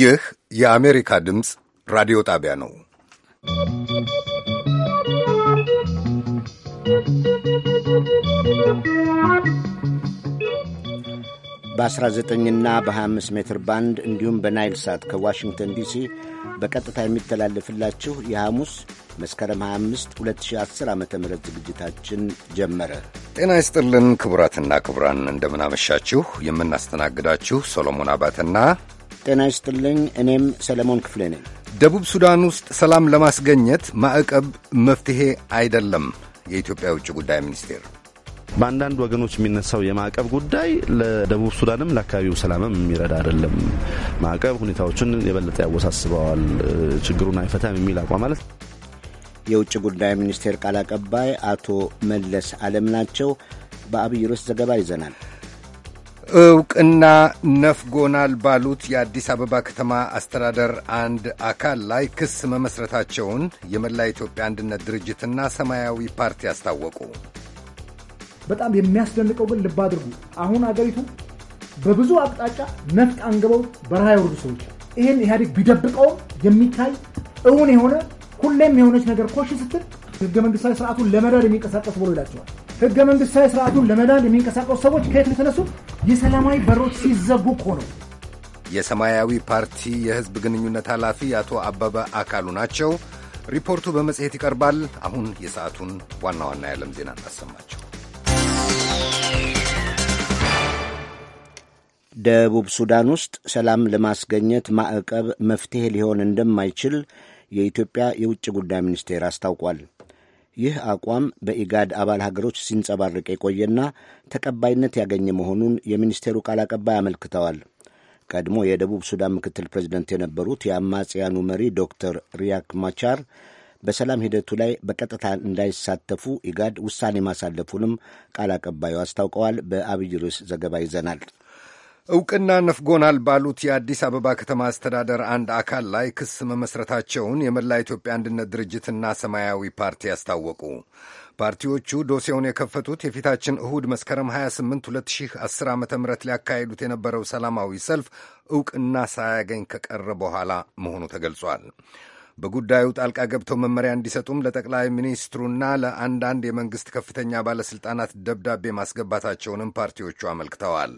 ይህ የአሜሪካ ድምፅ ራዲዮ ጣቢያ ነው። በ19 ና በ25 ሜትር ባንድ እንዲሁም በናይል ሳት ከዋሽንግተን ዲሲ በቀጥታ የሚተላለፍላችሁ የሐሙስ መስከረም 25 2010 ዓ ም ዝግጅታችን ጀመረ። ጤና ይስጥልን ክቡራትና ክቡራን፣ እንደምናመሻችሁ። የምናስተናግዳችሁ ሰሎሞን አባተና ጤና ይስጥልኝ። እኔም ሰለሞን ክፍሌ ነኝ። ደቡብ ሱዳን ውስጥ ሰላም ለማስገኘት ማዕቀብ መፍትሔ አይደለም። የኢትዮጵያ የውጭ ጉዳይ ሚኒስቴር በአንዳንድ ወገኖች የሚነሳው የማዕቀብ ጉዳይ ለደቡብ ሱዳንም ለአካባቢው ሰላምም የሚረዳ አይደለም። ማዕቀብ ሁኔታዎችን የበለጠ ያወሳስበዋል፣ ችግሩን አይፈታም የሚል አቋም ማለት የውጭ ጉዳይ ሚኒስቴር ቃል አቀባይ አቶ መለስ አለም ናቸው። በአብይ ርዕስ ዘገባ ይዘናል። እውቅና ነፍጎናል ባሉት የአዲስ አበባ ከተማ አስተዳደር አንድ አካል ላይ ክስ መመስረታቸውን የመላ ኢትዮጵያ አንድነት ድርጅትና ሰማያዊ ፓርቲ አስታወቁ። በጣም የሚያስደንቀው ግን ልብ አድርጉ፣ አሁን አገሪቱ በብዙ አቅጣጫ ነፍጥ አንግበው በረሃ የወረዱ ሰዎች ይህን ኢህአዴግ ቢደብቀውም የሚታይ እውን የሆነ ሁሌም የሆነች ነገር ኮሽ ስትል ህገ መንግስታዊ ስርዓቱን ለመዳን የሚንቀሳቀሱ ብሎ ይላቸዋል። ህገ መንግስታዊ ስርዓቱን ለመዳድ የሚንቀሳቀሱ ሰዎች ከየት የተነሱ የሰላማዊ በሮች ሲዘጉ እኮ ነው። የሰማያዊ ፓርቲ የህዝብ ግንኙነት ኃላፊ አቶ አበበ አካሉ ናቸው። ሪፖርቱ በመጽሔት ይቀርባል። አሁን የሰዓቱን ዋና ዋና የዓለም ዜና እናሰማቸው። ደቡብ ሱዳን ውስጥ ሰላም ለማስገኘት ማዕቀብ መፍትሄ ሊሆን እንደማይችል የኢትዮጵያ የውጭ ጉዳይ ሚኒስቴር አስታውቋል። ይህ አቋም በኢጋድ አባል ሀገሮች ሲንጸባረቅ የቆየና ተቀባይነት ያገኘ መሆኑን የሚኒስቴሩ ቃል አቀባይ አመልክተዋል። ቀድሞ የደቡብ ሱዳን ምክትል ፕሬዚደንት የነበሩት የአማጽያኑ መሪ ዶክተር ሪያክ ማቻር በሰላም ሂደቱ ላይ በቀጥታ እንዳይሳተፉ ኢጋድ ውሳኔ ማሳለፉንም ቃል አቀባዩ አስታውቀዋል። በአብይ ርዕስ ዘገባ ይዘናል። እውቅና ነፍጎናል ባሉት የአዲስ አበባ ከተማ አስተዳደር አንድ አካል ላይ ክስ መመስረታቸውን የመላ ኢትዮጵያ አንድነት ድርጅትና ሰማያዊ ፓርቲ አስታወቁ። ፓርቲዎቹ ዶሴውን የከፈቱት የፊታችን እሁድ መስከረም 28 2010 ዓ ም ሊያካሄዱት የነበረው ሰላማዊ ሰልፍ እውቅና ሳያገኝ ከቀረ በኋላ መሆኑ ተገልጿል። በጉዳዩ ጣልቃ ገብተው መመሪያ እንዲሰጡም ለጠቅላይ ሚኒስትሩና ለአንዳንድ የመንግሥት ከፍተኛ ባለሥልጣናት ደብዳቤ ማስገባታቸውንም ፓርቲዎቹ አመልክተዋል።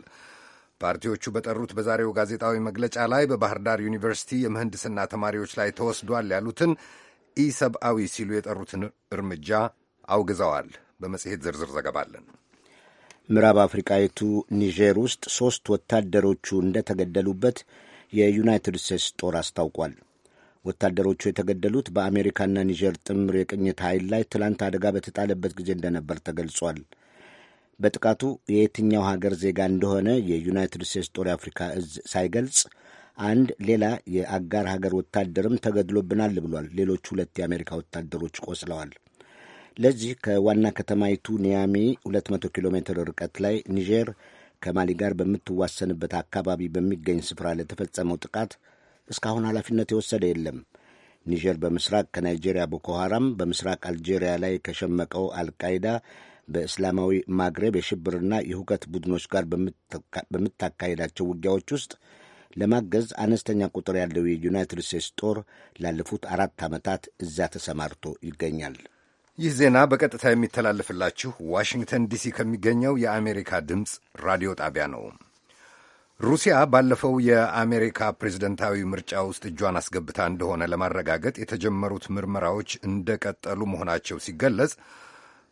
ፓርቲዎቹ በጠሩት በዛሬው ጋዜጣዊ መግለጫ ላይ በባህር ዳር ዩኒቨርሲቲ የምህንድስና ተማሪዎች ላይ ተወስዷል ያሉትን ኢሰብአዊ ሲሉ የጠሩትን እርምጃ አውግዘዋል። በመጽሔት ዝርዝር ዘገባለን። ምዕራብ አፍሪቃዊቱ ኒጀር ውስጥ ሦስት ወታደሮቹ እንደተገደሉበት የዩናይትድ ስቴትስ ጦር አስታውቋል። ወታደሮቹ የተገደሉት በአሜሪካና ኒጀር ጥምር የቅኝት ኃይል ላይ ትላንት አደጋ በተጣለበት ጊዜ እንደነበር ተገልጿል። በጥቃቱ የየትኛው ሀገር ዜጋ እንደሆነ የዩናይትድ ስቴትስ ጦር የአፍሪካ እዝ ሳይገልጽ አንድ ሌላ የአጋር ሀገር ወታደርም ተገድሎብናል ብሏል። ሌሎች ሁለት የአሜሪካ ወታደሮች ቆስለዋል። ለዚህ ከዋና ከተማይቱ ኒያሚ 200 ኪሎ ሜትር ርቀት ላይ ኒጀር ከማሊ ጋር በምትዋሰንበት አካባቢ በሚገኝ ስፍራ ለተፈጸመው ጥቃት እስካሁን ኃላፊነት የወሰደ የለም። ኒጀር በምስራቅ ከናይጄሪያ ቦኮ በምስራቅ አልጄሪያ ላይ ከሸመቀው አልቃይዳ በእስላማዊ ማግረብ የሽብርና የሁከት ቡድኖች ጋር በምታካሄዳቸው ውጊያዎች ውስጥ ለማገዝ አነስተኛ ቁጥር ያለው የዩናይትድ ስቴትስ ጦር ላለፉት አራት ዓመታት እዛ ተሰማርቶ ይገኛል። ይህ ዜና በቀጥታ የሚተላለፍላችሁ ዋሽንግተን ዲሲ ከሚገኘው የአሜሪካ ድምፅ ራዲዮ ጣቢያ ነው። ሩሲያ ባለፈው የአሜሪካ ፕሬዝደንታዊ ምርጫ ውስጥ እጇን አስገብታ እንደሆነ ለማረጋገጥ የተጀመሩት ምርመራዎች እንደቀጠሉ መሆናቸው ሲገለጽ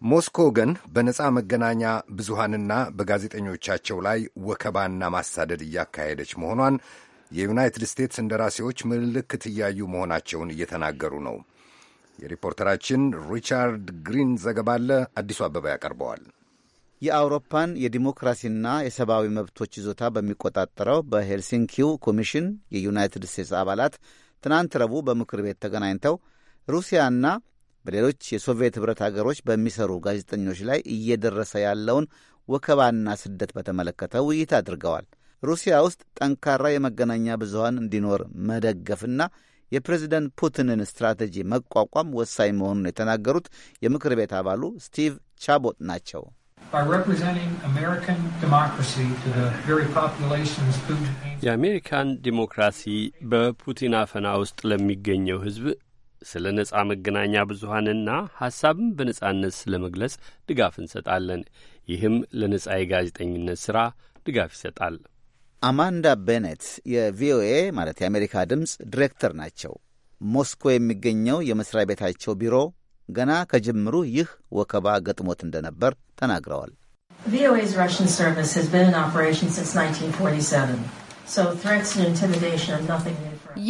ሞስኮ ግን በነፃ መገናኛ ብዙሃንና በጋዜጠኞቻቸው ላይ ወከባና ማሳደድ እያካሄደች መሆኗን የዩናይትድ ስቴትስ እንደራሴዎች ምልክት እያዩ መሆናቸውን እየተናገሩ ነው። የሪፖርተራችን ሪቻርድ ግሪን ዘገባ አለ፣ አዲሱ አበባ ያቀርበዋል። የአውሮፓን የዲሞክራሲና የሰብአዊ መብቶች ይዞታ በሚቆጣጠረው በሄልሲንኪው ኮሚሽን የዩናይትድ ስቴትስ አባላት ትናንት ረቡዕ በምክር ቤት ተገናኝተው ሩሲያና በሌሎች የሶቪየት ኅብረት አገሮች በሚሰሩ ጋዜጠኞች ላይ እየደረሰ ያለውን ወከባና ስደት በተመለከተ ውይይት አድርገዋል። ሩሲያ ውስጥ ጠንካራ የመገናኛ ብዙኃን እንዲኖር መደገፍና የፕሬዚደንት ፑቲንን ስትራቴጂ መቋቋም ወሳኝ መሆኑን የተናገሩት የምክር ቤት አባሉ ስቲቭ ቻቦት ናቸው። የአሜሪካን ዲሞክራሲ በፑቲን አፈና ውስጥ ለሚገኘው ሕዝብ ስለ ነጻ መገናኛ ብዙሀንና ሀሳብን በነጻነት ስለ መግለጽ ድጋፍ እንሰጣለን። ይህም ለነጻ የጋዜጠኝነት ሥራ ድጋፍ ይሰጣል። አማንዳ ቤኔት የቪኦኤ ማለት የአሜሪካ ድምፅ ዲሬክተር ናቸው። ሞስኮ የሚገኘው የመስሪያ ቤታቸው ቢሮ ገና ከጅምሩ ይህ ወከባ ገጥሞት እንደነበር ተናግረዋል። ቪኦኤ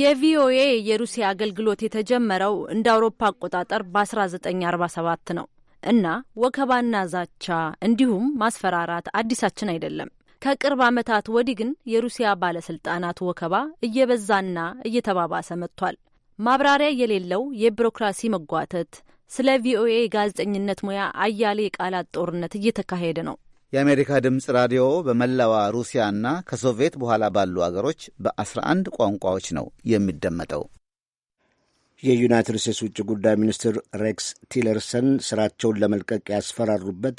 የቪኦኤ የሩሲያ አገልግሎት የተጀመረው እንደ አውሮፓ አቆጣጠር በ1947 ነው እና ወከባና ዛቻ እንዲሁም ማስፈራራት አዲሳችን አይደለም። ከቅርብ ዓመታት ወዲህ ግን የሩሲያ ባለስልጣናት ወከባ እየበዛና እየተባባሰ መጥቷል። ማብራሪያ የሌለው የቢሮክራሲ መጓተት፣ ስለ ቪኦኤ የጋዜጠኝነት ሙያ አያሌ የቃላት ጦርነት እየተካሄደ ነው። የአሜሪካ ድምፅ ራዲዮ በመላዋ ሩሲያና ከሶቪየት በኋላ ባሉ አገሮች በ11 ቋንቋዎች ነው የሚደመጠው። የዩናይትድ ስቴትስ ውጭ ጉዳይ ሚኒስትር ሬክስ ቲለርሰን ስራቸውን ለመልቀቅ ያስፈራሩበት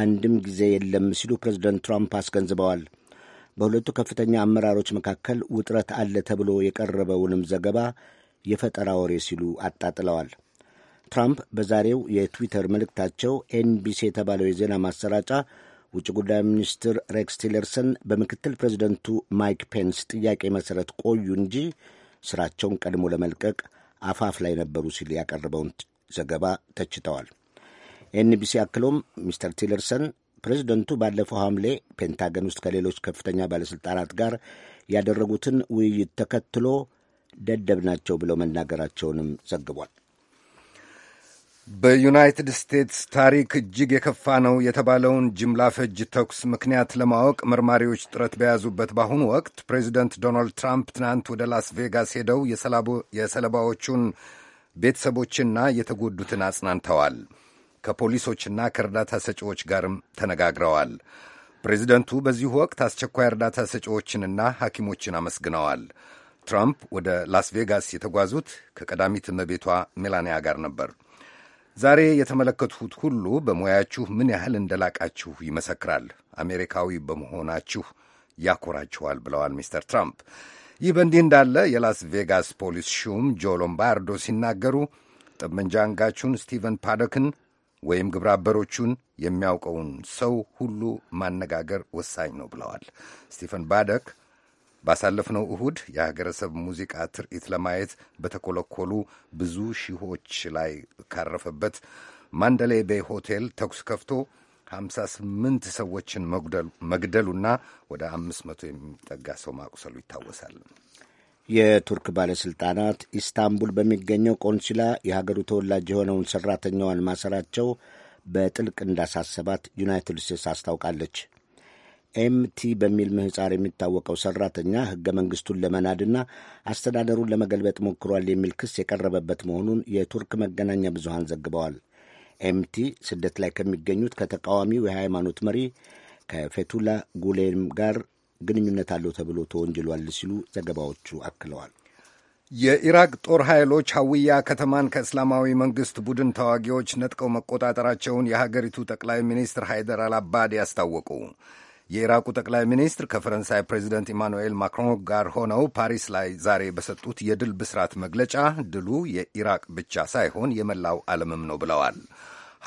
አንድም ጊዜ የለም ሲሉ ፕሬዚደንት ትራምፕ አስገንዝበዋል። በሁለቱ ከፍተኛ አመራሮች መካከል ውጥረት አለ ተብሎ የቀረበውንም ዘገባ የፈጠራ ወሬ ሲሉ አጣጥለዋል። ትራምፕ በዛሬው የትዊተር መልእክታቸው ኤንቢሲ የተባለው የዜና ማሰራጫ ውጭ ጉዳይ ሚኒስትር ሬክስ ቲለርሰን በምክትል ፕሬዚደንቱ ማይክ ፔንስ ጥያቄ መሠረት ቆዩ እንጂ ስራቸውን ቀድሞ ለመልቀቅ አፋፍ ላይ ነበሩ ሲል ያቀረበውን ዘገባ ተችተዋል። ኤንቢሲ አክሎም ሚስተር ቲለርሰን ፕሬዚደንቱ ባለፈው ሐምሌ ፔንታገን ውስጥ ከሌሎች ከፍተኛ ባለሥልጣናት ጋር ያደረጉትን ውይይት ተከትሎ ደደብ ናቸው ብለው መናገራቸውንም ዘግቧል። በዩናይትድ ስቴትስ ታሪክ እጅግ የከፋ ነው የተባለውን ጅምላ ፈጅ ተኩስ ምክንያት ለማወቅ መርማሪዎች ጥረት በያዙበት በአሁኑ ወቅት ፕሬዚደንት ዶናልድ ትራምፕ ትናንት ወደ ላስ ቬጋስ ሄደው የሰለባዎቹን ቤተሰቦችና የተጎዱትን አጽናንተዋል። ከፖሊሶችና ከእርዳታ ሰጪዎች ጋርም ተነጋግረዋል። ፕሬዚደንቱ በዚሁ ወቅት አስቸኳይ እርዳታ ሰጪዎችንና ሐኪሞችን አመስግነዋል። ትራምፕ ወደ ላስ ቬጋስ የተጓዙት ከቀዳሚት እመቤቷ ሜላንያ ጋር ነበር። ዛሬ የተመለከትሁት ሁሉ በሙያችሁ ምን ያህል እንደላቃችሁ ይመሰክራል። አሜሪካዊ በመሆናችሁ ያኮራችኋል ብለዋል ሚስተር ትራምፕ። ይህ በእንዲህ እንዳለ የላስ ቬጋስ ፖሊስ ሹም ጆ ሎምባርዶ ሲናገሩ ጠመንጃ አንጋቹን ስቲቨን ፓዶክን ወይም ግብረ አበሮቹን የሚያውቀውን ሰው ሁሉ ማነጋገር ወሳኝ ነው ብለዋል። ስቲፈን ባደክ ባሳለፍነው እሁድ የሀገረሰብ ሙዚቃ ትርኢት ለማየት በተኮለኮሉ ብዙ ሺዎች ላይ ካረፈበት ማንደሌ ቤይ ሆቴል ተኩስ ከፍቶ 58 ሰዎችን መግደሉና ወደ 500 የሚጠጋ ሰው ማቁሰሉ ይታወሳል። የቱርክ ባለሥልጣናት ኢስታንቡል በሚገኘው ቆንሲላ የሀገሩ ተወላጅ የሆነውን ሠራተኛዋን ማሰራቸው በጥልቅ እንዳሳሰባት ዩናይትድ ስቴትስ አስታውቃለች። ኤምቲ በሚል ምህጻር የሚታወቀው ሰራተኛ ህገ መንግስቱን ለመናድና አስተዳደሩን ለመገልበጥ ሞክሯል የሚል ክስ የቀረበበት መሆኑን የቱርክ መገናኛ ብዙሃን ዘግበዋል። ኤምቲ ስደት ላይ ከሚገኙት ከተቃዋሚው የሃይማኖት መሪ ከፌቱላ ጉሌም ጋር ግንኙነት አለው ተብሎ ተወንጅሏል ሲሉ ዘገባዎቹ አክለዋል። የኢራቅ ጦር ኃይሎች ሐዊያ ከተማን ከእስላማዊ መንግሥት ቡድን ተዋጊዎች ነጥቀው መቆጣጠራቸውን የሀገሪቱ ጠቅላይ ሚኒስትር ሃይደር አልአባዲ አስታወቁ። የኢራቁ ጠቅላይ ሚኒስትር ከፈረንሳይ ፕሬዚደንት ኢማኑኤል ማክሮን ጋር ሆነው ፓሪስ ላይ ዛሬ በሰጡት የድል ብስራት መግለጫ ድሉ የኢራቅ ብቻ ሳይሆን የመላው ዓለምም ነው ብለዋል።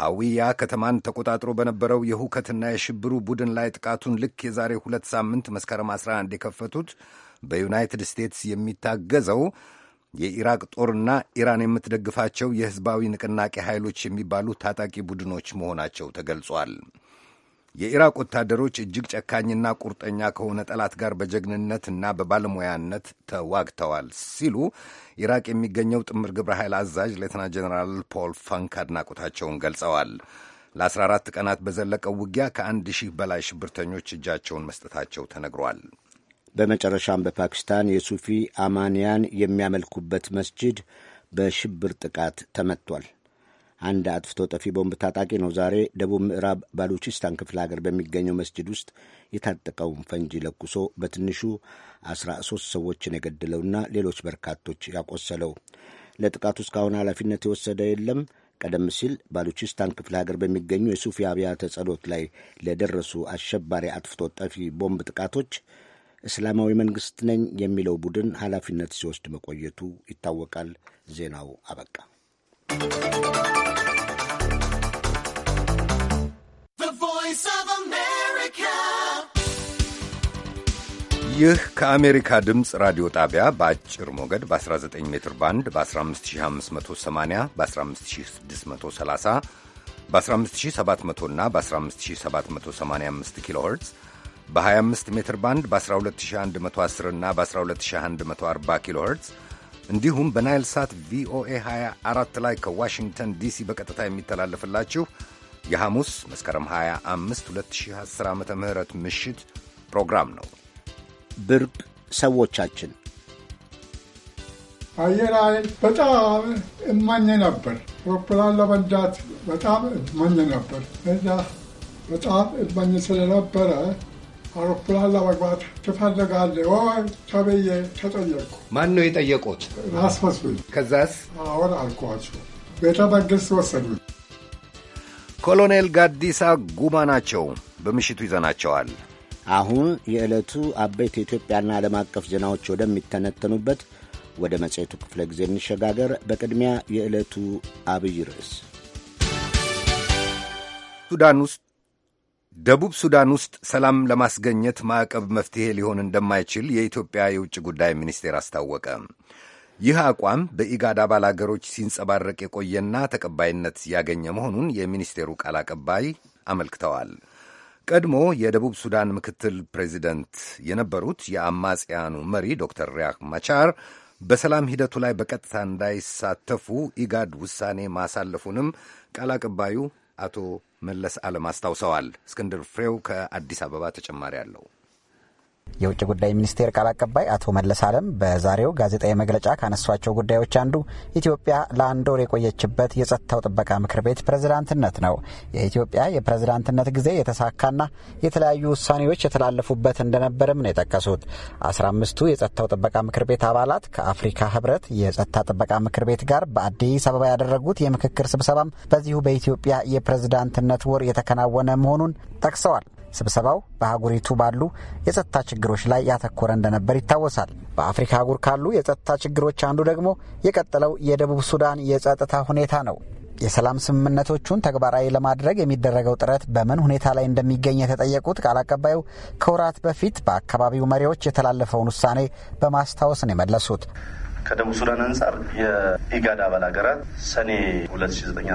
ሐዊያ ከተማን ተቆጣጥሮ በነበረው የሁከትና የሽብሩ ቡድን ላይ ጥቃቱን ልክ የዛሬ ሁለት ሳምንት መስከረም 11 የከፈቱት በዩናይትድ ስቴትስ የሚታገዘው የኢራቅ ጦርና ኢራን የምትደግፋቸው የሕዝባዊ ንቅናቄ ኃይሎች የሚባሉ ታጣቂ ቡድኖች መሆናቸው ተገልጿል። የኢራቅ ወታደሮች እጅግ ጨካኝና ቁርጠኛ ከሆነ ጠላት ጋር በጀግንነትና በባለሙያነት ተዋግተዋል ሲሉ ኢራቅ የሚገኘው ጥምር ግብረ ኃይል አዛዥ ሌትና ጀኔራል ፖል ፈንክ አድናቆታቸውን ገልጸዋል። ለ14 ቀናት በዘለቀው ውጊያ ከአንድ ሺህ በላይ ሽብርተኞች እጃቸውን መስጠታቸው ተነግሯል። በመጨረሻም በፓኪስታን የሱፊ አማንያን የሚያመልኩበት መስጂድ በሽብር ጥቃት ተመቷል። አንድ አጥፍቶ ጠፊ ቦምብ ታጣቂ ነው ዛሬ ደቡብ ምዕራብ ባሉቺስታን ክፍለ ሀገር በሚገኘው መስጅድ ውስጥ የታጠቀውን ፈንጂ ለኩሶ በትንሹ ሶስት ሰዎችን የገደለውና ሌሎች በርካቶች ያቆሰለው። ለጥቃቱ እስካሁን ኃላፊነት የወሰደ የለም። ቀደም ሲል ባሉቺስታን ክፍለ ሀገር በሚገኙ የሱፊያ አብያተ ጸሎት ላይ ለደረሱ አሸባሪ አጥፍቶ ጠፊ ቦምብ ጥቃቶች እስላማዊ መንግስት ነኝ የሚለው ቡድን ኃላፊነት ሲወስድ መቆየቱ ይታወቃል። ዜናው አበቃ። ይህ ከአሜሪካ ድምፅ ራዲዮ ጣቢያ በአጭር ሞገድ በ19 ሜትር ባንድ በ15580 በ15630 በ15700 እና በ15785 ኪሎሄርትስ በ25 ሜትር ባንድ በ12110 እና በ12140 ኪሎሄርትስ እንዲሁም በናይል ሳት ቪኦኤ 24 ላይ ከዋሽንግተን ዲሲ በቀጥታ የሚተላለፍላችሁ የሐሙስ መስከረም 25 2010 ዓ ም ምሽት ፕሮግራም ነው። ብርቅ ሰዎቻችን አየር ኃይል በጣም እማኝ ነበር። አውሮፕላን ለመንዳት በጣም እማኝ ነበር እዛ በጣም እማኝ ስለነበረ አውሮፕላን ለመግባት ትፈልጋለህ ወይ ተብዬ ተጠየቅኩ። ማን ነው የጠየቁት? ራስ መስሎኝ። ከዛስ? አሁን አልኳቸው። ቤተ መንግሥት ወሰዱኝ። ኮሎኔል ጋዲሳ ጉማ ናቸው። በምሽቱ ይዘናቸዋል። አሁን የዕለቱ አበይት የኢትዮጵያና ዓለም አቀፍ ዜናዎች ወደሚተነተኑበት ወደ መጽሔቱ ክፍለ ጊዜ እንሸጋገር። በቅድሚያ የዕለቱ አብይ ርዕስ ሱዳን ውስጥ ደቡብ ሱዳን ውስጥ ሰላም ለማስገኘት ማዕቀብ መፍትሔ ሊሆን እንደማይችል የኢትዮጵያ የውጭ ጉዳይ ሚኒስቴር አስታወቀ። ይህ አቋም በኢጋድ አባል አገሮች ሲንጸባረቅ የቆየና ተቀባይነት ያገኘ መሆኑን የሚኒስቴሩ ቃል አቀባይ አመልክተዋል። ቀድሞ የደቡብ ሱዳን ምክትል ፕሬዚደንት የነበሩት የአማጽያኑ መሪ ዶክተር ሪያክ ማቻር በሰላም ሂደቱ ላይ በቀጥታ እንዳይሳተፉ ኢጋድ ውሳኔ ማሳለፉንም ቃል አቀባዩ አቶ መለስ ዓለም አስታውሰዋል። እስክንድር ፍሬው ከአዲስ አበባ ተጨማሪ አለው። የውጭ ጉዳይ ሚኒስቴር ቃል አቀባይ አቶ መለስ አለም በዛሬው ጋዜጣዊ መግለጫ ካነሷቸው ጉዳዮች አንዱ ኢትዮጵያ ለአንድ ወር የቆየችበት የጸጥታው ጥበቃ ምክር ቤት ፕሬዝዳንትነት ነው። የኢትዮጵያ የፕሬዝዳንትነት ጊዜ የተሳካና የተለያዩ ውሳኔዎች የተላለፉበት እንደነበርም ነው የጠቀሱት። አስራ አምስቱ የጸጥታው ጥበቃ ምክር ቤት አባላት ከአፍሪካ ህብረት የጸጥታ ጥበቃ ምክር ቤት ጋር በአዲስ አበባ ያደረጉት የምክክር ስብሰባም በዚሁ በኢትዮጵያ የፕሬዝዳንትነት ወር የተከናወነ መሆኑን ጠቅሰዋል። ስብሰባው በአህጉሪቱ ባሉ የጸጥታ ችግሮች ላይ ያተኮረ እንደነበር ይታወሳል። በአፍሪካ አህጉር ካሉ የጸጥታ ችግሮች አንዱ ደግሞ የቀጠለው የደቡብ ሱዳን የጸጥታ ሁኔታ ነው። የሰላም ስምምነቶቹን ተግባራዊ ለማድረግ የሚደረገው ጥረት በምን ሁኔታ ላይ እንደሚገኝ የተጠየቁት ቃል አቀባዩ ከወራት በፊት በአካባቢው መሪዎች የተላለፈውን ውሳኔ በማስታወስ ነው የመለሱት። ከደቡብ ሱዳን አንጻር የኢጋድ አባል ሀገራት ሰኔ ሁለት ዓ ዘጠኝ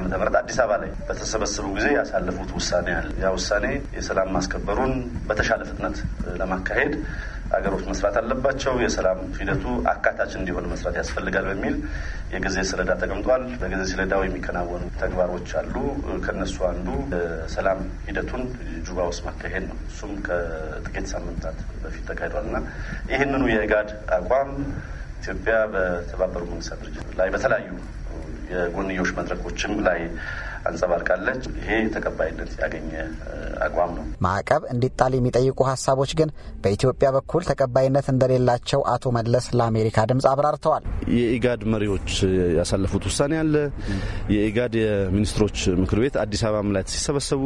አዲስ አበባ ላይ በተሰበሰቡ ጊዜ ያሳለፉት ውሳኔ አለ። ያ ውሳኔ የሰላም ማስከበሩን በተሻለ ፍጥነት ለማካሄድ አገሮች መስራት አለባቸው። የሰላም ሂደቱ አካታች እንዲሆን መስራት ያስፈልጋል በሚል የጊዜ ሰሌዳ ተቀምጧል። በጊዜ ሰሌዳው የሚከናወኑ ተግባሮች አሉ። ከነሱ አንዱ የሰላም ሂደቱን ጁባ ውስጥ ማካሄድ ነው። እሱም ከጥቂት ሳምንታት በፊት ተካሂዷል እና ይህንኑ የኢጋድ አቋም ኢትዮጵያ በተባበሩት መንግስታት ድርጅት ላይ በተለያዩ የጎንዮሽ መድረኮችም ላይ አንጸባርቃለች። ይሄ ተቀባይነት ያገኘ አቋም ነው። ማዕቀብ እንዲጣል የሚጠይቁ ሀሳቦች ግን በኢትዮጵያ በኩል ተቀባይነት እንደሌላቸው አቶ መለስ ለአሜሪካ ድምፅ አብራርተዋል። የኢጋድ መሪዎች ያሳለፉት ውሳኔ አለ። የኢጋድ የሚኒስትሮች ምክር ቤት አዲስ አበባም ላይ ሲሰበሰቡ፣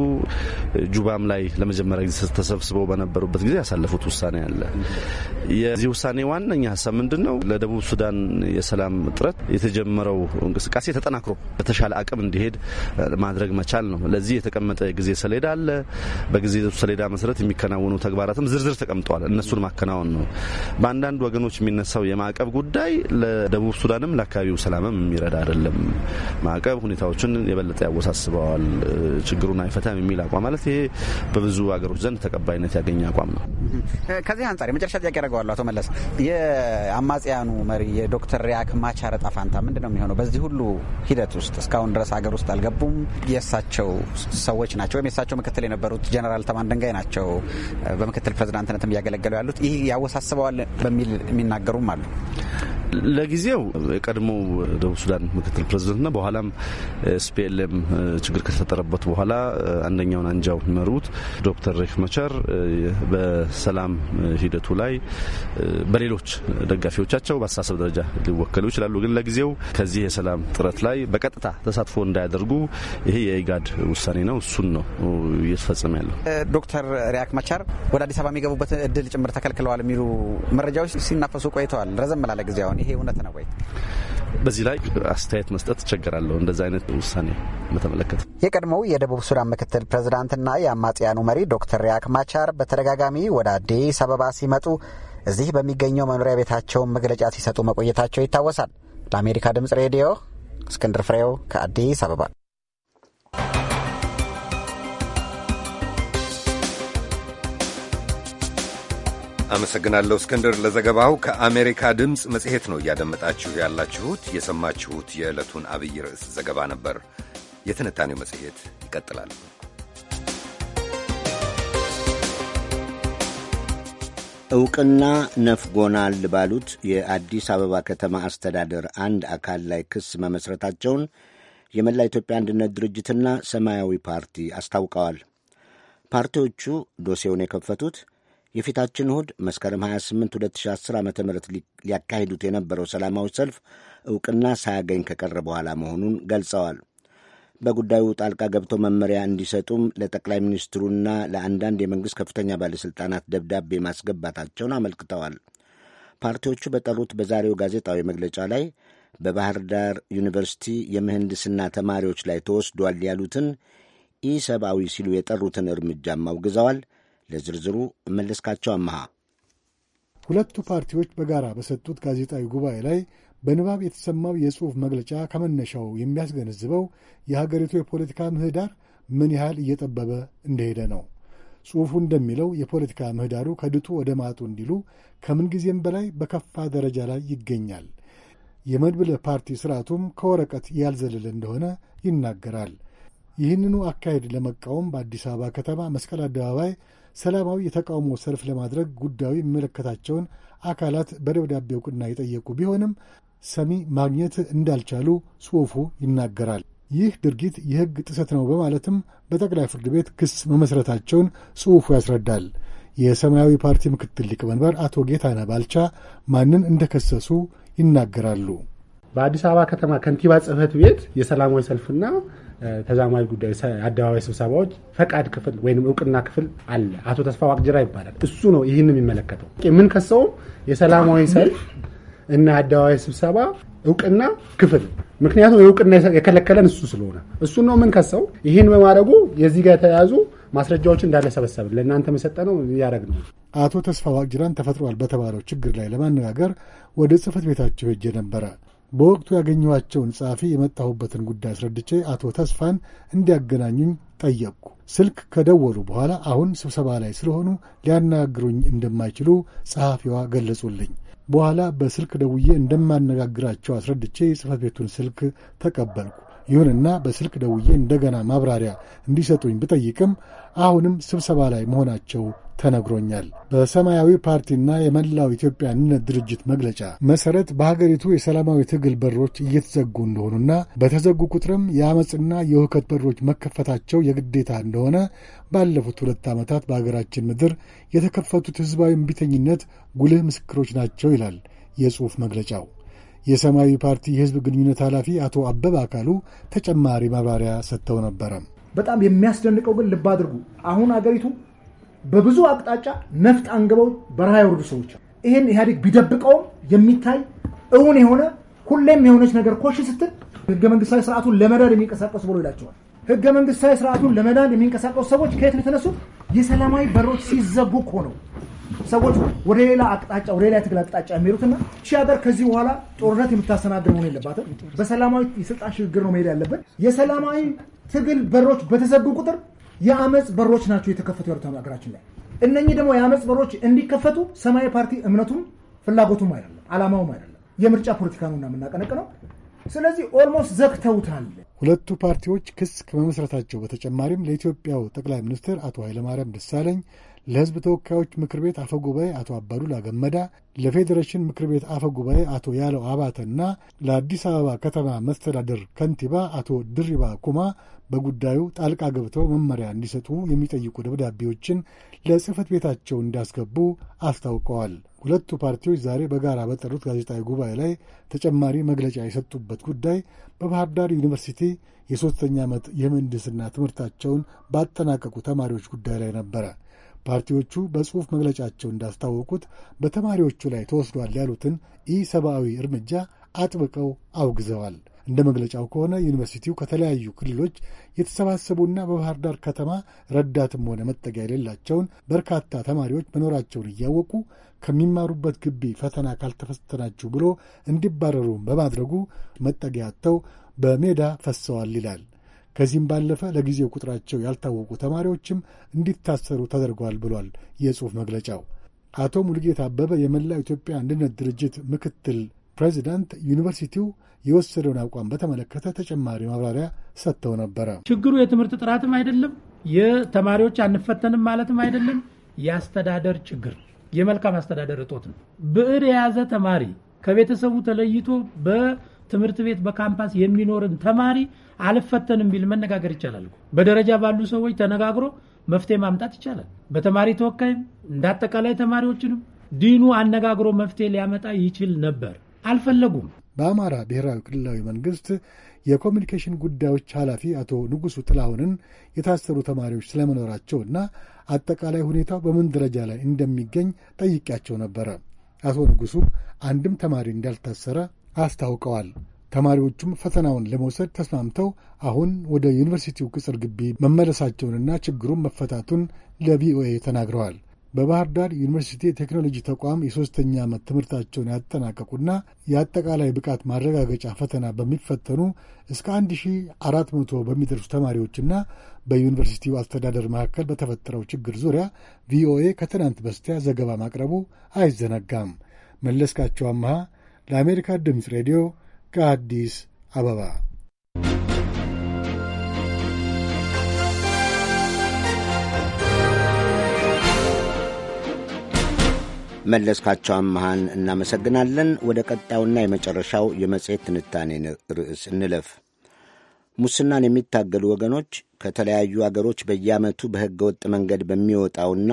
ጁባም ላይ ለመጀመሪያ ጊዜ ተሰብስበው በነበሩበት ጊዜ ያሳለፉት ውሳኔ አለ። የዚህ ውሳኔ ዋነኛ ሀሳብ ምንድን ነው? ለደቡብ ሱዳን የሰላም ጥረት የተጀመረው እንቅስቃሴ ተጠናክሮ በተሻለ አቅም እንዲሄድ ማድረግ መቻል ነው። ለዚህ የተቀመጠ ጊዜ ሰሌዳ አለ። በጊዜ ሰሌዳ መሰረት የሚከናወኑ ተግባራትም ዝርዝር ተቀምጠዋል። እነሱን ማከናወን ነው። በአንዳንድ ወገኖች የሚነሳው የማዕቀብ ጉዳይ ለደቡብ ሱዳንም ለአካባቢው ሰላምም የሚረዳ አይደለም። ማዕቀብ ሁኔታዎችን የበለጠ ያወሳስበዋል፣ ችግሩን አይፈታም የሚል አቋም ማለት ይሄ በብዙ ሀገሮች ዘንድ ተቀባይነት ያገኘ አቋም ነው። ከዚህ አንጻር የመጨረሻ ጥያቄ ያደረገዋሉ አቶ መለስ የአማጽያኑ መሪ የዶክተር ሪያክ ማቻር ዕጣ ፈንታ ምንድን ነው የሚሆነው? በዚህ ሁሉ ሂደት ውስጥ እስካሁን ድረስ ሀገር ውስጥ አልገቡም። የእሳቸው ሰዎች ናቸው ወይም የእሳቸው ምክትል የነበሩት ጀነራል ተማን ደንጋይ ናቸው በምክትል ፕሬዝዳንትነትም እያገለገሉ ያሉት። ይህ ያወሳስበዋል በሚል የሚናገሩም አሉ። ለጊዜው የቀድሞ ደቡብ ሱዳን ምክትል ፕሬዚደንትና በኋላም ኤስፒኤልኤም ችግር ከተፈጠረበት በኋላ አንደኛውን አንጃው የሚመሩት ዶክተር ሬክ መቸር በሰላም ሂደቱ ላይ በሌሎች ደጋፊዎቻቸው በአስተሳሰብ ደረጃ ሊወከሉ ይችላሉ። ግን ለጊዜው ከዚህ የሰላም ጥረት ላይ በቀጥታ ተሳትፎ እንዳያደርጉ ይሄ የኢጋድ ውሳኔ ነው። እሱን ነው እየተፈጸመ ያለው። ዶክተር ሪያክ ማቻር ወደ አዲስ አበባ የሚገቡበት እድል ጭምር ተከልክለዋል የሚሉ መረጃዎች ሲናፈሱ ቆይተዋል ረዘም ላለ ጊዜ። አሁን ይሄ እውነት ነው ወይ? በዚህ ላይ አስተያየት መስጠት እቸገራለሁ። እንደዚህ አይነት ውሳኔ በተመለከተ የቀድሞው የደቡብ ሱዳን ምክትል ፕሬዝዳንትና የአማጽያኑ መሪ ዶክተር ሪያክ ማቻር በተደጋጋሚ ወደ አዲስ አበባ ሲመጡ እዚህ በሚገኘው መኖሪያ ቤታቸውን መግለጫ ሲሰጡ መቆየታቸው ይታወሳል። ለአሜሪካ ድምፅ ሬዲዮ እስክንድር ፍሬው ከአዲስ አበባ አመሰግናለሁ እስክንድር ለዘገባው። ከአሜሪካ ድምፅ መጽሔት ነው እያደመጣችሁ ያላችሁት። የሰማችሁት የዕለቱን አብይ ርዕስ ዘገባ ነበር። የትንታኔው መጽሔት ይቀጥላል። ዕውቅና ነፍጎናል ባሉት የአዲስ አበባ ከተማ አስተዳደር አንድ አካል ላይ ክስ መመስረታቸውን የመላ ኢትዮጵያ አንድነት ድርጅትና ሰማያዊ ፓርቲ አስታውቀዋል። ፓርቲዎቹ ዶሴውን የከፈቱት የፊታችን እሁድ መስከረም 28 2010 ዓ ም ሊያካሂዱት የነበረው ሰላማዊ ሰልፍ እውቅና ሳያገኝ ከቀረ በኋላ መሆኑን ገልጸዋል። በጉዳዩ ጣልቃ ገብቶ መመሪያ እንዲሰጡም ለጠቅላይ ሚኒስትሩና ለአንዳንድ የመንግሥት ከፍተኛ ባለሥልጣናት ደብዳቤ ማስገባታቸውን አመልክተዋል። ፓርቲዎቹ በጠሩት በዛሬው ጋዜጣዊ መግለጫ ላይ በባህር ዳር ዩኒቨርሲቲ የምህንድስና ተማሪዎች ላይ ተወስዷል ያሉትን ኢሰብአዊ ሲሉ የጠሩትን እርምጃም አውግዘዋል። ለዝርዝሩ መለስካቸው አመሃ። ሁለቱ ፓርቲዎች በጋራ በሰጡት ጋዜጣዊ ጉባኤ ላይ በንባብ የተሰማው የጽሑፍ መግለጫ ከመነሻው የሚያስገነዝበው የሀገሪቱ የፖለቲካ ምህዳር ምን ያህል እየጠበበ እንደሄደ ነው። ጽሑፉ እንደሚለው የፖለቲካ ምህዳሩ ከድጡ ወደ ማጡ እንዲሉ ከምንጊዜም በላይ በከፋ ደረጃ ላይ ይገኛል። የመድብለ ፓርቲ ስርዓቱም ከወረቀት ያልዘለለ እንደሆነ ይናገራል። ይህንኑ አካሄድ ለመቃወም በአዲስ አበባ ከተማ መስቀል አደባባይ ሰላማዊ የተቃውሞ ሰልፍ ለማድረግ ጉዳዩ የሚመለከታቸውን አካላት በደብዳቤ እውቅና የጠየቁ ቢሆንም ሰሚ ማግኘት እንዳልቻሉ ጽሑፉ ይናገራል። ይህ ድርጊት የሕግ ጥሰት ነው በማለትም በጠቅላይ ፍርድ ቤት ክስ መመስረታቸውን ጽሑፉ ያስረዳል። የሰማያዊ ፓርቲ ምክትል ሊቀመንበር አቶ ጌታነ ባልቻ ማንን እንደከሰሱ ይናገራሉ። በአዲስ አበባ ከተማ ከንቲባ ጽህፈት ቤት የሰላማዊ ሰልፍና ተዛማጅ ጉዳይ አደባባይ ስብሰባዎች ፈቃድ ክፍል ወይም እውቅና ክፍል አለ። አቶ ተስፋ ዋቅጅራ ይባላል። እሱ ነው ይህን የሚመለከተው። ምን ከሰውም የሰላማዊ ሰልፍ እና አደባባይ ስብሰባ እውቅና ክፍል ምክንያቱም የእውቅና የከለከለን እሱ ስለሆነ እሱ ነው ምን ከሰው ይህን በማድረጉ የዚህ ጋር የተያዙ ማስረጃዎችን እንዳለ ሰበሰብን ለእናንተ መሰጠ ነው እያደረግ ነው። አቶ ተስፋ ዋቅጅራን ተፈጥሯል በተባለው ችግር ላይ ለማነጋገር ወደ ጽህፈት ቤታቸው ሄጄ ነበረ። በወቅቱ ያገኘኋቸውን ጸሐፊ የመጣሁበትን ጉዳይ አስረድቼ አቶ ተስፋን እንዲያገናኙኝ ጠየቅኩ። ስልክ ከደወሉ በኋላ አሁን ስብሰባ ላይ ስለሆኑ ሊያነጋግሩኝ እንደማይችሉ ጸሐፊዋ ገለጹልኝ። በኋላ በስልክ ደውዬ እንደማነጋግራቸው አስረድቼ የጽህፈት ቤቱን ስልክ ተቀበልኩ። ይሁንና በስልክ ደውዬ እንደገና ማብራሪያ እንዲሰጡኝ ብጠይቅም አሁንም ስብሰባ ላይ መሆናቸው ተነግሮኛል። በሰማያዊ ፓርቲና የመላው ኢትዮጵያ አንድነት ድርጅት መግለጫ መሰረት በሀገሪቱ የሰላማዊ ትግል በሮች እየተዘጉ እንደሆኑና በተዘጉ ቁጥርም የአመፅና የውከት በሮች መከፈታቸው የግዴታ እንደሆነ ባለፉት ሁለት ዓመታት በሀገራችን ምድር የተከፈቱት ህዝባዊ እምቢተኝነት ጉልህ ምስክሮች ናቸው ይላል የጽሑፍ መግለጫው። የሰማያዊ ፓርቲ የህዝብ ግንኙነት ኃላፊ አቶ አበበ አካሉ ተጨማሪ ማብራሪያ ሰጥተው ነበረ። በጣም የሚያስደንቀው ግን ልብ አድርጉ፣ አሁን አገሪቱ በብዙ አቅጣጫ ነፍጥ አንግበው በረሃ የወረዱ ሰዎች አሉ። ይህን ኢህአዴግ ቢደብቀውም የሚታይ እውን የሆነ ሁሌም የሆነች ነገር ኮሽ ስትል ህገ መንግስታዊ ስርዓቱን ለመዳን የሚንቀሳቀሱ ብሎ ይላቸዋል። ህገ መንግስታዊ ስርዓቱን ለመዳን የሚንቀሳቀሱ ሰዎች ከየት ነው የተነሱት? የሰላማዊ በሮች ሲዘጉ እኮ ነው ሰዎች ወደ ሌላ አቅጣጫ ወደ ሌላ ትግል አቅጣጫ የሚሄዱትና ቺ ሀገር ከዚህ በኋላ ጦርነት የምታስተናግድ መሆን የለባትም። በሰላማዊ የስልጣን ሽግግር ነው መሄድ ያለብን። የሰላማዊ ትግል በሮች በተዘጉ ቁጥር የአመፅ በሮች ናቸው የተከፈቱ ያሉት ሀገራችን ላይ። እነኚህ ደግሞ የአመፅ በሮች እንዲከፈቱ ሰማያዊ ፓርቲ እምነቱም ፍላጎቱም አይደለም፣ አላማውም አይደለም። የምርጫ ፖለቲካ ነውና የምናቀነቅነው። ስለዚህ ኦልሞስት ዘግተውታል። ሁለቱ ፓርቲዎች ክስ ከመመስረታቸው በተጨማሪም ለኢትዮጵያው ጠቅላይ ሚኒስትር አቶ ኃይለማርያም ደሳለኝ ለሕዝብ ተወካዮች ምክር ቤት አፈ ጉባኤ አቶ አባዱላ ገመዳ፣ ለፌዴሬሽን ምክር ቤት አፈ ጉባኤ አቶ ያለው አባተና ለአዲስ አበባ ከተማ መስተዳደር ከንቲባ አቶ ድሪባ ኩማ በጉዳዩ ጣልቃ ገብተው መመሪያ እንዲሰጡ የሚጠይቁ ደብዳቤዎችን ለጽህፈት ቤታቸው እንዳስገቡ አስታውቀዋል። ሁለቱ ፓርቲዎች ዛሬ በጋራ በጠሩት ጋዜጣዊ ጉባኤ ላይ ተጨማሪ መግለጫ የሰጡበት ጉዳይ በባህር ዳር ዩኒቨርሲቲ የሦስተኛ ዓመት የምህንድስና ትምህርታቸውን ባጠናቀቁ ተማሪዎች ጉዳይ ላይ ነበረ። ፓርቲዎቹ በጽሑፍ መግለጫቸው እንዳስታወቁት በተማሪዎቹ ላይ ተወስዷል ያሉትን ኢሰብአዊ እርምጃ አጥብቀው አውግዘዋል። እንደ መግለጫው ከሆነ ዩኒቨርሲቲው ከተለያዩ ክልሎች የተሰባሰቡና በባህር ዳር ከተማ ረዳትም ሆነ መጠጊያ የሌላቸውን በርካታ ተማሪዎች መኖራቸውን እያወቁ ከሚማሩበት ግቢ ፈተና ካልተፈተናችሁ ብሎ እንዲባረሩ በማድረጉ መጠጊያ አጥተው በሜዳ ፈሰዋል ይላል። ከዚህም ባለፈ ለጊዜው ቁጥራቸው ያልታወቁ ተማሪዎችም እንዲታሰሩ ተደርጓል ብሏል የጽሑፍ መግለጫው። አቶ ሙልጌታ አበበ የመላው ኢትዮጵያ አንድነት ድርጅት ምክትል ፕሬዚዳንት ዩኒቨርሲቲው የወሰደውን አቋም በተመለከተ ተጨማሪ ማብራሪያ ሰጥተው ነበረ። ችግሩ የትምህርት ጥራትም አይደለም፣ የተማሪዎች አንፈተንም ማለትም አይደለም። የአስተዳደር ችግር፣ የመልካም አስተዳደር እጦት ነው። ብዕር የያዘ ተማሪ ከቤተሰቡ ተለይቶ ትምህርት ቤት በካምፓስ የሚኖርን ተማሪ አልፈተንም ቢል መነጋገር ይቻላል። በደረጃ ባሉ ሰዎች ተነጋግሮ መፍትሄ ማምጣት ይቻላል። በተማሪ ተወካይም እንዳጠቃላይ ተማሪዎችንም ዲኑ አነጋግሮ መፍትሄ ሊያመጣ ይችል ነበር። አልፈለጉም። በአማራ ብሔራዊ ክልላዊ መንግስት የኮሚኒኬሽን ጉዳዮች ኃላፊ አቶ ንጉሱ ጥላሁንን የታሰሩ ተማሪዎች ስለመኖራቸው እና አጠቃላይ ሁኔታው በምን ደረጃ ላይ እንደሚገኝ ጠይቄያቸው ነበረ። አቶ ንጉሱ አንድም ተማሪ እንዳልታሰረ አስታውቀዋል። ተማሪዎቹም ፈተናውን ለመውሰድ ተስማምተው አሁን ወደ ዩኒቨርሲቲው ቅጽር ግቢ መመለሳቸውንና ችግሩን መፈታቱን ለቪኦኤ ተናግረዋል። በባህር ዳር ዩኒቨርሲቲ የቴክኖሎጂ ተቋም የሦስተኛ ዓመት ትምህርታቸውን ያጠናቀቁና የአጠቃላይ ብቃት ማረጋገጫ ፈተና በሚፈተኑ እስከ 1400 በሚደርሱ ተማሪዎችና በዩኒቨርሲቲው አስተዳደር መካከል በተፈጠረው ችግር ዙሪያ ቪኦኤ ከትናንት በስቲያ ዘገባ ማቅረቡ አይዘነጋም። መለስካቸው አመሃ ለአሜሪካ ድምፅ ሬዲዮ ከአዲስ አበባ መለስካቸው አመሃን እናመሰግናለን። ወደ ቀጣዩና የመጨረሻው የመጽሔት ትንታኔ ርዕስ እንለፍ። ሙስናን የሚታገሉ ወገኖች ከተለያዩ አገሮች በየዓመቱ በሕገ ወጥ መንገድ በሚወጣውና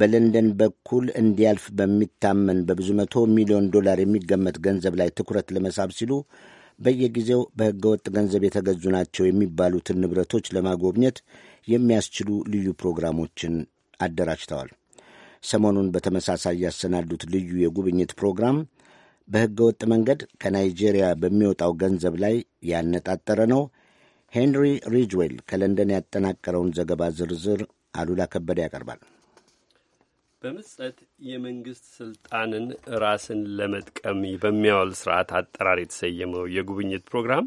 በለንደን በኩል እንዲያልፍ በሚታመን በብዙ መቶ ሚሊዮን ዶላር የሚገመት ገንዘብ ላይ ትኩረት ለመሳብ ሲሉ በየጊዜው ወጥ ገንዘብ የተገዙ ናቸው የሚባሉትን ንብረቶች ለማጎብኘት የሚያስችሉ ልዩ ፕሮግራሞችን አደራጅተዋል። ሰሞኑን በተመሳሳይ ያሰናዱት ልዩ የጉብኝት ፕሮግራም ወጥ መንገድ ከናይጄሪያ በሚወጣው ገንዘብ ላይ ያነጣጠረ ነው። ሄንሪ ሪጅዌል ከለንደን ያጠናቀረውን ዘገባ ዝርዝር አሉላ ከበደ ያቀርባል። በምጸት የመንግስት ስልጣንን ራስን ለመጥቀም በሚያውል ስርዓት አጠራር የተሰየመው የጉብኝት ፕሮግራም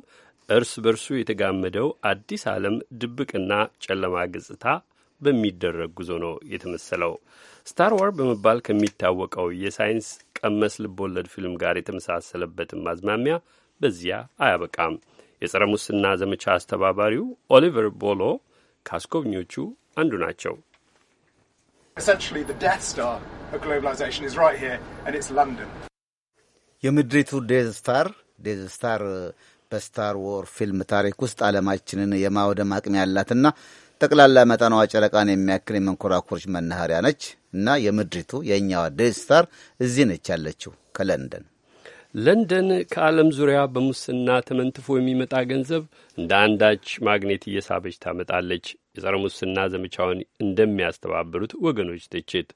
እርስ በርሱ የተጋመደው አዲስ ዓለም ድብቅና ጨለማ ገጽታ በሚደረግ ጉዞ ነው የተመሰለው። ስታር ዋር በመባል ከሚታወቀው የሳይንስ ቀመስ ልቦለድ ፊልም ጋር የተመሳሰለበትን ማዝማሚያ በዚያ አያበቃም። የጸረ ሙስና ዘመቻ አስተባባሪው ኦሊቨር ቦሎ ካስጎብኚዎቹ አንዱ ናቸው። የምድሪቱ ዴዝ ስታር ዴዝ ስታር በስታር ዎር ፊልም ታሪክ ውስጥ ዓለማችንን የማውደም አቅም ያላትና ጠቅላላ መጠናዋ ጨረቃን የሚያክል የመንኮራኩሮች መናኸሪያ ነች እና የምድሪቱ የእኛዋ ዴዝ ስታር እዚህ ነች ያለችው ከለንደን ለንደን ከዓለም ዙሪያ በሙስና ተመንትፎ የሚመጣ ገንዘብ እንደ አንዳች ማግኔት እየሳበች ታመጣለች። የጸረ ሙስና ዘመቻውን እንደሚያስተባብሩት ወገኖች ትችት፣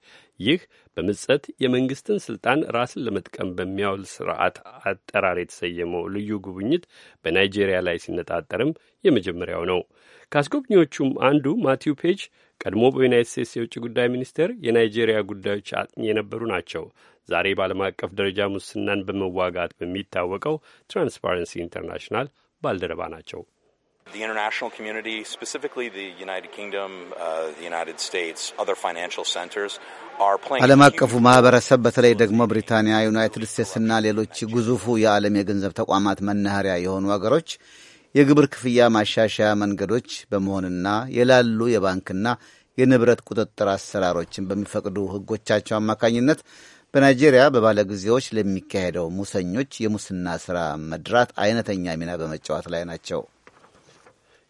ይህ በምጸት የመንግስትን ስልጣን ራስን ለመጥቀም በሚያውል ስርዓት አጠራር የተሰየመው ልዩ ጉብኝት በናይጄሪያ ላይ ሲነጣጠርም የመጀመሪያው ነው። ከአስጎብኚዎቹም አንዱ ማቲው ፔጅ ቀድሞ በዩናይት ስቴትስ የውጭ ጉዳይ ሚኒስቴር የናይጄሪያ ጉዳዮች አጥኚ የነበሩ ናቸው። ዛሬ በዓለም አቀፍ ደረጃ ሙስናን በመዋጋት በሚታወቀው ትራንስፓረንሲ ኢንተርናሽናል ባልደረባ ናቸው። The international community, specifically the United Kingdom, uh, the United States, other financial centers ዓለም አቀፉ ማህበረሰብ በተለይ ደግሞ ብሪታንያ፣ ዩናይትድ ስቴትስና ሌሎች ግዙፉ የዓለም የገንዘብ ተቋማት መናኸሪያ የሆኑ አገሮች የግብር ክፍያ ማሻሻያ መንገዶች በመሆንና የላሉ የባንክና የንብረት ቁጥጥር አሰራሮችን በሚፈቅዱ ህጎቻቸው አማካኝነት በናይጄሪያ በባለጊዜዎች ለሚካሄደው ሙሰኞች የሙስና ሥራ መድራት አይነተኛ ሚና በመጫወት ላይ ናቸው።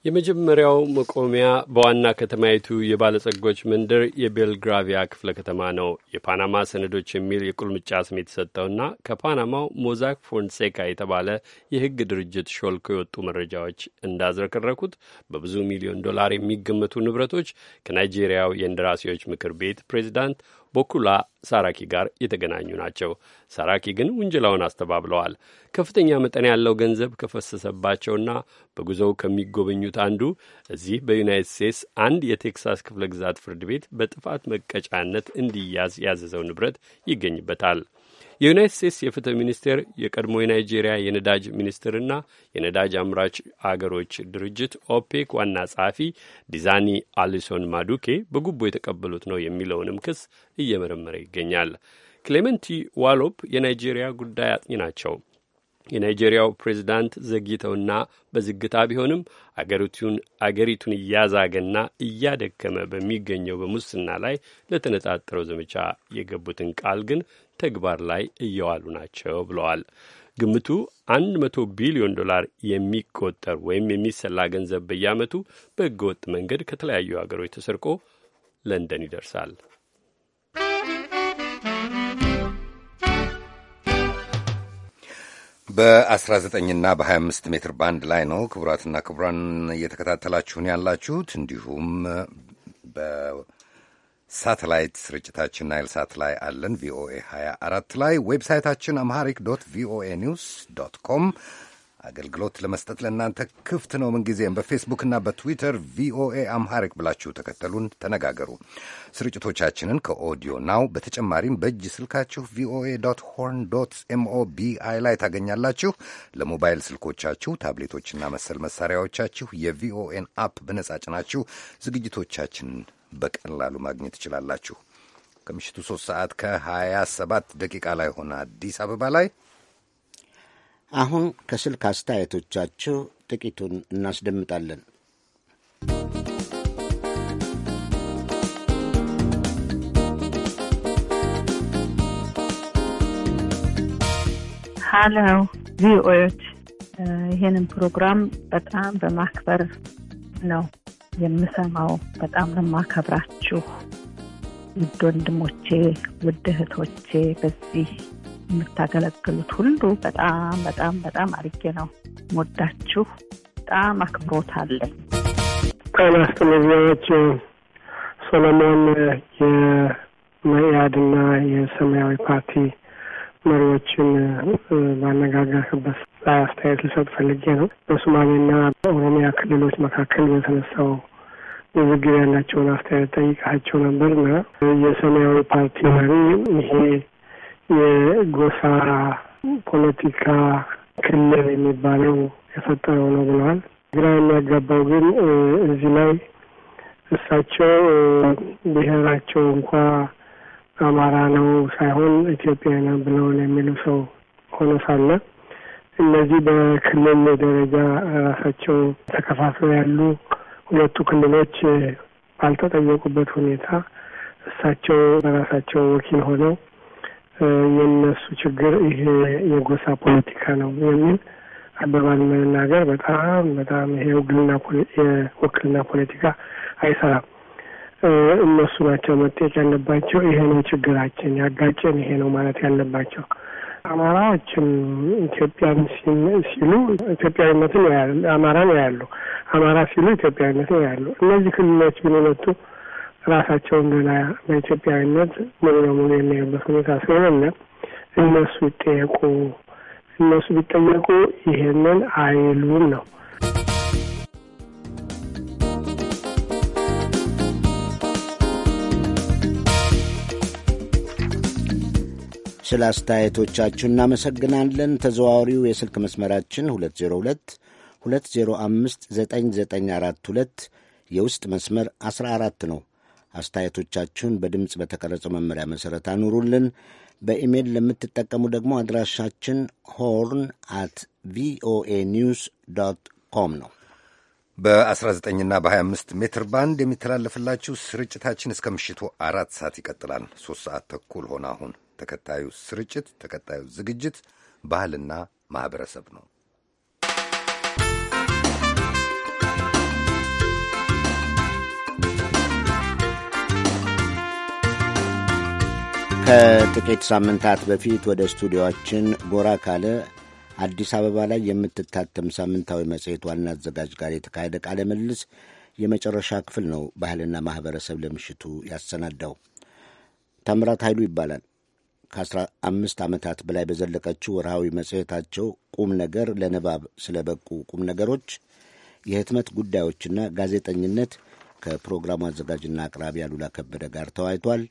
የመጀመሪያው መቆሚያ በዋና ከተማይቱ የባለጸጎች መንደር የቤልግራቪያ ክፍለ ከተማ ነው። የፓናማ ሰነዶች የሚል የቁልምጫ ስም የተሰጠውና ከፓናማው ሞዛክ ፎንሴካ የተባለ የሕግ ድርጅት ሾልኮ የወጡ መረጃዎች እንዳዝረከረኩት በብዙ ሚሊዮን ዶላር የሚገመቱ ንብረቶች ከናይጄሪያው የእንደራሴዎች ምክር ቤት ፕሬዚዳንት በኩላ ሳራኪ ጋር የተገናኙ ናቸው። ሳራኪ ግን ውንጀላውን አስተባብለዋል። ከፍተኛ መጠን ያለው ገንዘብ ከፈሰሰባቸውና በጉዞው ከሚጎበኙት አንዱ እዚህ በዩናይት ስቴትስ አንድ የቴክሳስ ክፍለ ግዛት ፍርድ ቤት በጥፋት መቀጫነት እንዲያዝ ያዘዘው ንብረት ይገኝበታል። የዩናይት ስቴትስ የፍትህ ሚኒስቴር የቀድሞ የናይጄሪያ የነዳጅ ሚኒስትርና የነዳጅ አምራች አገሮች ድርጅት ኦፔክ ዋና ጸሐፊ ዲዛኒ አሊሶን ማዱኬ በጉቦ የተቀበሉት ነው የሚለውንም ክስ እየመረመረ ይገኛል። ክሌመንቲ ዋሎፕ የናይጄሪያ ጉዳይ አጥኚ ናቸው። የናይጄሪያው ፕሬዚዳንት ዘግይተውና በዝግታ ቢሆንም አገሪቱን አገሪቱን እያዛገና እያደከመ በሚገኘው በሙስና ላይ ለተነጣጠረው ዘመቻ የገቡትን ቃል ግን ተግባር ላይ እየዋሉ ናቸው ብለዋል። ግምቱ አንድ መቶ ቢሊዮን ዶላር የሚቆጠር ወይም የሚሰላ ገንዘብ በየዓመቱ በህገወጥ መንገድ ከተለያዩ ሀገሮች ተሰርቆ ለንደን ይደርሳል። በ19ና በ25 ሜትር ባንድ ላይ ነው። ክቡራትና ክቡራን እየተከታተላችሁን ያላችሁት እንዲሁም ሳተላይት ስርጭታችን ናይል ሳት ላይ አለን። ቪኦኤ 24 ላይ ዌብሳይታችን አምሃሪክ ዶት ቪኦኤ ኒውስ ዶት ኮም አገልግሎት ለመስጠት ለእናንተ ክፍት ነው። ምንጊዜም በፌስቡክና በትዊተር ቪኦኤ አምሃሪክ ብላችሁ ተከተሉን፣ ተነጋገሩ። ስርጭቶቻችንን ከኦዲዮ ናው በተጨማሪም በእጅ ስልካችሁ ቪኦኤ ዶት ሆርን ዶት ኤምኦቢአይ ላይ ታገኛላችሁ። ለሞባይል ስልኮቻችሁ ታብሌቶችና መሰል መሳሪያዎቻችሁ የቪኦኤን አፕ በነጻ ጭናችሁ ዝግጅቶቻችንን በቀላሉ ማግኘት ትችላላችሁ። ከምሽቱ ሶስት ሰዓት ከሀያ ሰባት ደቂቃ ላይ ሆነ አዲስ አበባ ላይ። አሁን ከስልክ አስተያየቶቻችሁ ጥቂቱን እናስደምጣለን። ሀሎ ቪኦኤዎች፣ ይህንን ፕሮግራም በጣም በማክበር ነው የምሰማው። በጣም ነው የማከብራችሁ ውድ ወንድሞቼ፣ ውድ እህቶቼ፣ በዚህ የምታገለግሉት ሁሉ በጣም በጣም በጣም አርጌ ነው ወዳችሁ። በጣም አክብሮት አለኝ። ቃል አስተመዛዎች የመያድ ና የሰማያዊ ፓርቲ መሪዎችን ባነጋገርክበት ላይ አስተያየት ልሰጥ ፈልጌ ነው። በሶማሌና በኦሮሚያ ክልሎች መካከል በተነሳው ንግግር ያላቸውን አስተያየት ጠይቃቸው ነበርና የሰማያዊ ፓርቲ መሪ ይሄ የጎሳ ፖለቲካ ክልል የሚባለው የፈጠረው ነው ብለዋል። ግራ የሚያጋባው ግን እዚህ ላይ እሳቸው ብሔራቸው እንኳ አማራ ነው ሳይሆን ኢትዮጵያ ነው ብለውን የሚሉ ሰው ሆኖ ሳለ እነዚህ በክልል ደረጃ ራሳቸው ተከፋፍለው ያሉ ሁለቱ ክልሎች ባልተጠየቁበት ሁኔታ እሳቸው በራሳቸው ወኪል ሆነው የነሱ ችግር ይሄ የጎሳ ፖለቲካ ነው የሚል አባባል መናገር በጣም በጣም ይሄ ውክልና የውክልና ፖለቲካ አይሰራም። እነሱ ናቸው መጠየቅ ያለባቸው። ይሄ ነው ችግራችን፣ ያጋጨን ይሄ ነው ማለት ያለባቸው። አማራዎችም ኢትዮጵያን ሲሉ ኢትዮጵያዊነትን ያሉ አማራን ያሉ አማራ ሲሉ ኢትዮጵያዊነትን ያሉ እነዚህ ክልሎች ምን መጡ ራሳቸውን ገና በኢትዮጵያዊነት ሙሉ ለሙሉ የሚያዩበት ሁኔታ ስለሆነ እነሱ ይጠየቁ። እነሱ ቢጠየቁ ይሄንን አይሉም ነው ስለ አስተያየቶቻችሁ እናመሰግናለን። ተዘዋዋሪው የስልክ መስመራችን 202 205 9942 የውስጥ መስመር 14 ነው። አስተያየቶቻችሁን በድምፅ በተቀረጸው መመሪያ መሠረት አኑሩልን። በኢሜይል ለምትጠቀሙ ደግሞ አድራሻችን ሆርን አት ቪኦኤ ኒውስ ዶት ኮም ነው። በ19ና በ25 ሜትር ባንድ የሚተላለፍላችሁ ስርጭታችን እስከ ምሽቱ አራት ሰዓት ይቀጥላል። ሶስት ሰዓት ተኩል ሆነ አሁን ተከታዩ ስርጭት ተከታዩ ዝግጅት ባህልና ማህበረሰብ ነው። ከጥቂት ሳምንታት በፊት ወደ ስቱዲዮአችን ጎራ ካለ አዲስ አበባ ላይ የምትታተም ሳምንታዊ መጽሔት ዋና አዘጋጅ ጋር የተካሄደ ቃለ ምልልስ የመጨረሻ ክፍል ነው። ባህልና ማህበረሰብ ለምሽቱ ያሰናዳው ታምራት ኃይሉ ይባላል። ከ15 ዓመታት በላይ በዘለቀችው ወርሃዊ መጽሔታቸው ቁም ነገር ለንባብ ስለበቁ ቁም ነገሮች፣ የህትመት ጉዳዮችና ጋዜጠኝነት ከፕሮግራሙ አዘጋጅና አቅራቢ አሉላ ከበደ ጋር ተወያይቷል።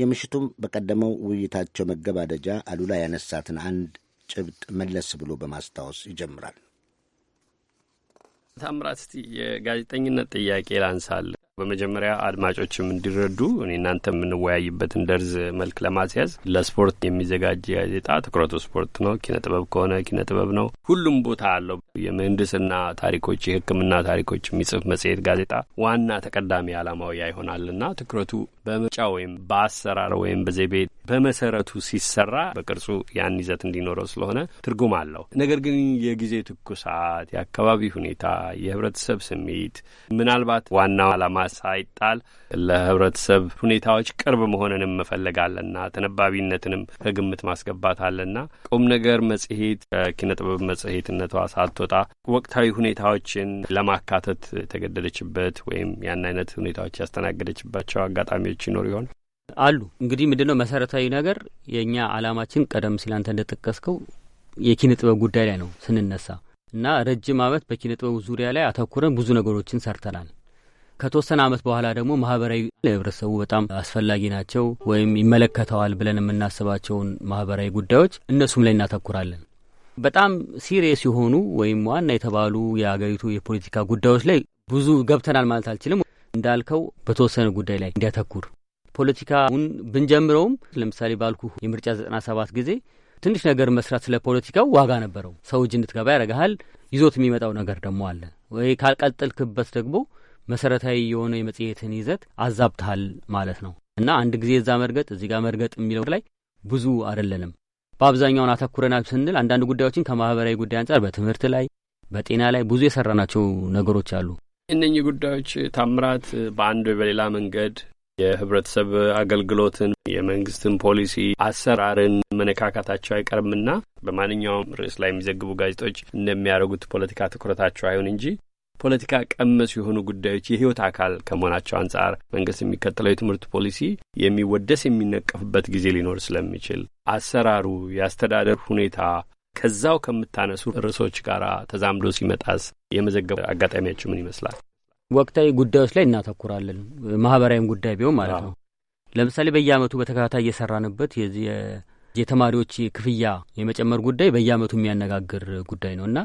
የምሽቱም በቀደመው ውይይታቸው መገባደጃ አሉላ ያነሳትን አንድ ጭብጥ መለስ ብሎ በማስታወስ ይጀምራል። ታምራት፣ እስቲ የጋዜጠኝነት ጥያቄ ላንሳል። በመጀመሪያ አድማጮችም እንዲረዱ እኔ እናንተ የምንወያይበትን ደርዝ መልክ ለማስያዝ ለስፖርት የሚዘጋጅ ጋዜጣ ትኩረቱ ስፖርት ነው። ኪነ ጥበብ ከሆነ ኪነ ጥበብ ነው። ሁሉም ቦታ አለው። የምህንድስና ታሪኮች፣ የሕክምና ታሪኮች የሚጽፍ መጽሔት ጋዜጣ ዋና ተቀዳሚ ዓላማው ያ ይሆናልና ትኩረቱ በምርጫ ወይም በአሰራር ወይም በዘቤ በመሰረቱ ሲሰራ በቅርጹ ያን ይዘት እንዲኖረው ስለሆነ ትርጉም አለው። ነገር ግን የጊዜ ትኩሳት፣ የአካባቢ ሁኔታ፣ የህብረተሰብ ስሜት ምናልባት ዋናው ዓላማ ሳይጣል ለህብረተሰብ ሁኔታዎች ቅርብ መሆንንም መፈለጋለና ተነባቢነትንም ከግምት ማስገባት አለና ቁም ነገር መጽሔት ኪነ ጥበብ መጽሔትነቷ ሳትወጣ ወቅታዊ ሁኔታዎችን ለማካተት የተገደደችበት ወይም ያን አይነት ሁኔታዎች ያስተናገደችባቸው አጋጣሚዎች ይኖር ይሆን? አሉ። እንግዲህ ምንድነው መሰረታዊ ነገር የእኛ አላማችን ቀደም ሲል አንተ እንደጠቀስከው የኪነ ጥበብ ጉዳይ ላይ ነው ስንነሳ እና ረጅም ዓመት በኪነ ጥበቡ ዙሪያ ላይ አተኩረን ብዙ ነገሮችን ሰርተናል። ከተወሰነ ዓመት በኋላ ደግሞ ማህበራዊ ለህብረተሰቡ በጣም አስፈላጊ ናቸው ወይም ይመለከተዋል ብለን የምናስባቸውን ማህበራዊ ጉዳዮች እነሱም ላይ እናተኩራለን። በጣም ሲሪየስ የሆኑ ወይም ዋና የተባሉ የአገሪቱ የፖለቲካ ጉዳዮች ላይ ብዙ ገብተናል ማለት አልችልም። እንዳልከው በተወሰነ ጉዳይ ላይ እንዲያተኩር ፖለቲካውን ብንጀምረውም ለምሳሌ ባልኩ የምርጫ ዘጠና ሰባት ጊዜ ትንሽ ነገር መስራት ስለ ፖለቲካው ዋጋ ነበረው። ሰው እጅ እንድትገባ ያደርግሃል። ይዞት የሚመጣው ነገር ደግሞ አለ ወይ ካልቀጠልክበት ደግሞ መሰረታዊ የሆነ የመጽሔትን ይዘት አዛብታል ማለት ነው እና አንድ ጊዜ እዛ መርገጥ እዚህ ጋር መርገጥ የሚለው ላይ ብዙ አይደለንም። በአብዛኛውን አተኩረናል ስንል አንዳንድ ጉዳዮችን ከማህበራዊ ጉዳይ አንጻር በትምህርት ላይ በጤና ላይ ብዙ የሰራናቸው ነገሮች አሉ። እነኚህ ጉዳዮች ታምራት በአንድ በሌላ መንገድ የህብረተሰብ አገልግሎትን የመንግስትን ፖሊሲ አሰራርን መነካካታቸው አይቀርምና በማንኛውም ርዕስ ላይ የሚዘግቡ ጋዜጦች እንደሚያደርጉት ፖለቲካ ትኩረታቸው አይሁን እንጂ ፖለቲካ ቀመስ የሆኑ ጉዳዮች የህይወት አካል ከመሆናቸው አንጻር መንግስት የሚከተለው የትምህርት ፖሊሲ የሚወደስ የሚነቀፍበት ጊዜ ሊኖር ስለሚችል አሰራሩ፣ የአስተዳደር ሁኔታ ከዛው ከምታነሱ ርዕሶች ጋር ተዛምዶ ሲመጣስ የመዘገብ አጋጣሚያችሁ ምን ይመስላል? ወቅታዊ ጉዳዮች ላይ እናተኩራለን። ማህበራዊም ጉዳይ ቢሆን ማለት ነው። ለምሳሌ በየአመቱ በተከታታይ እየሰራንበት የዚህ የተማሪዎች ክፍያ የመጨመር ጉዳይ በየአመቱ የሚያነጋግር ጉዳይ ነው እና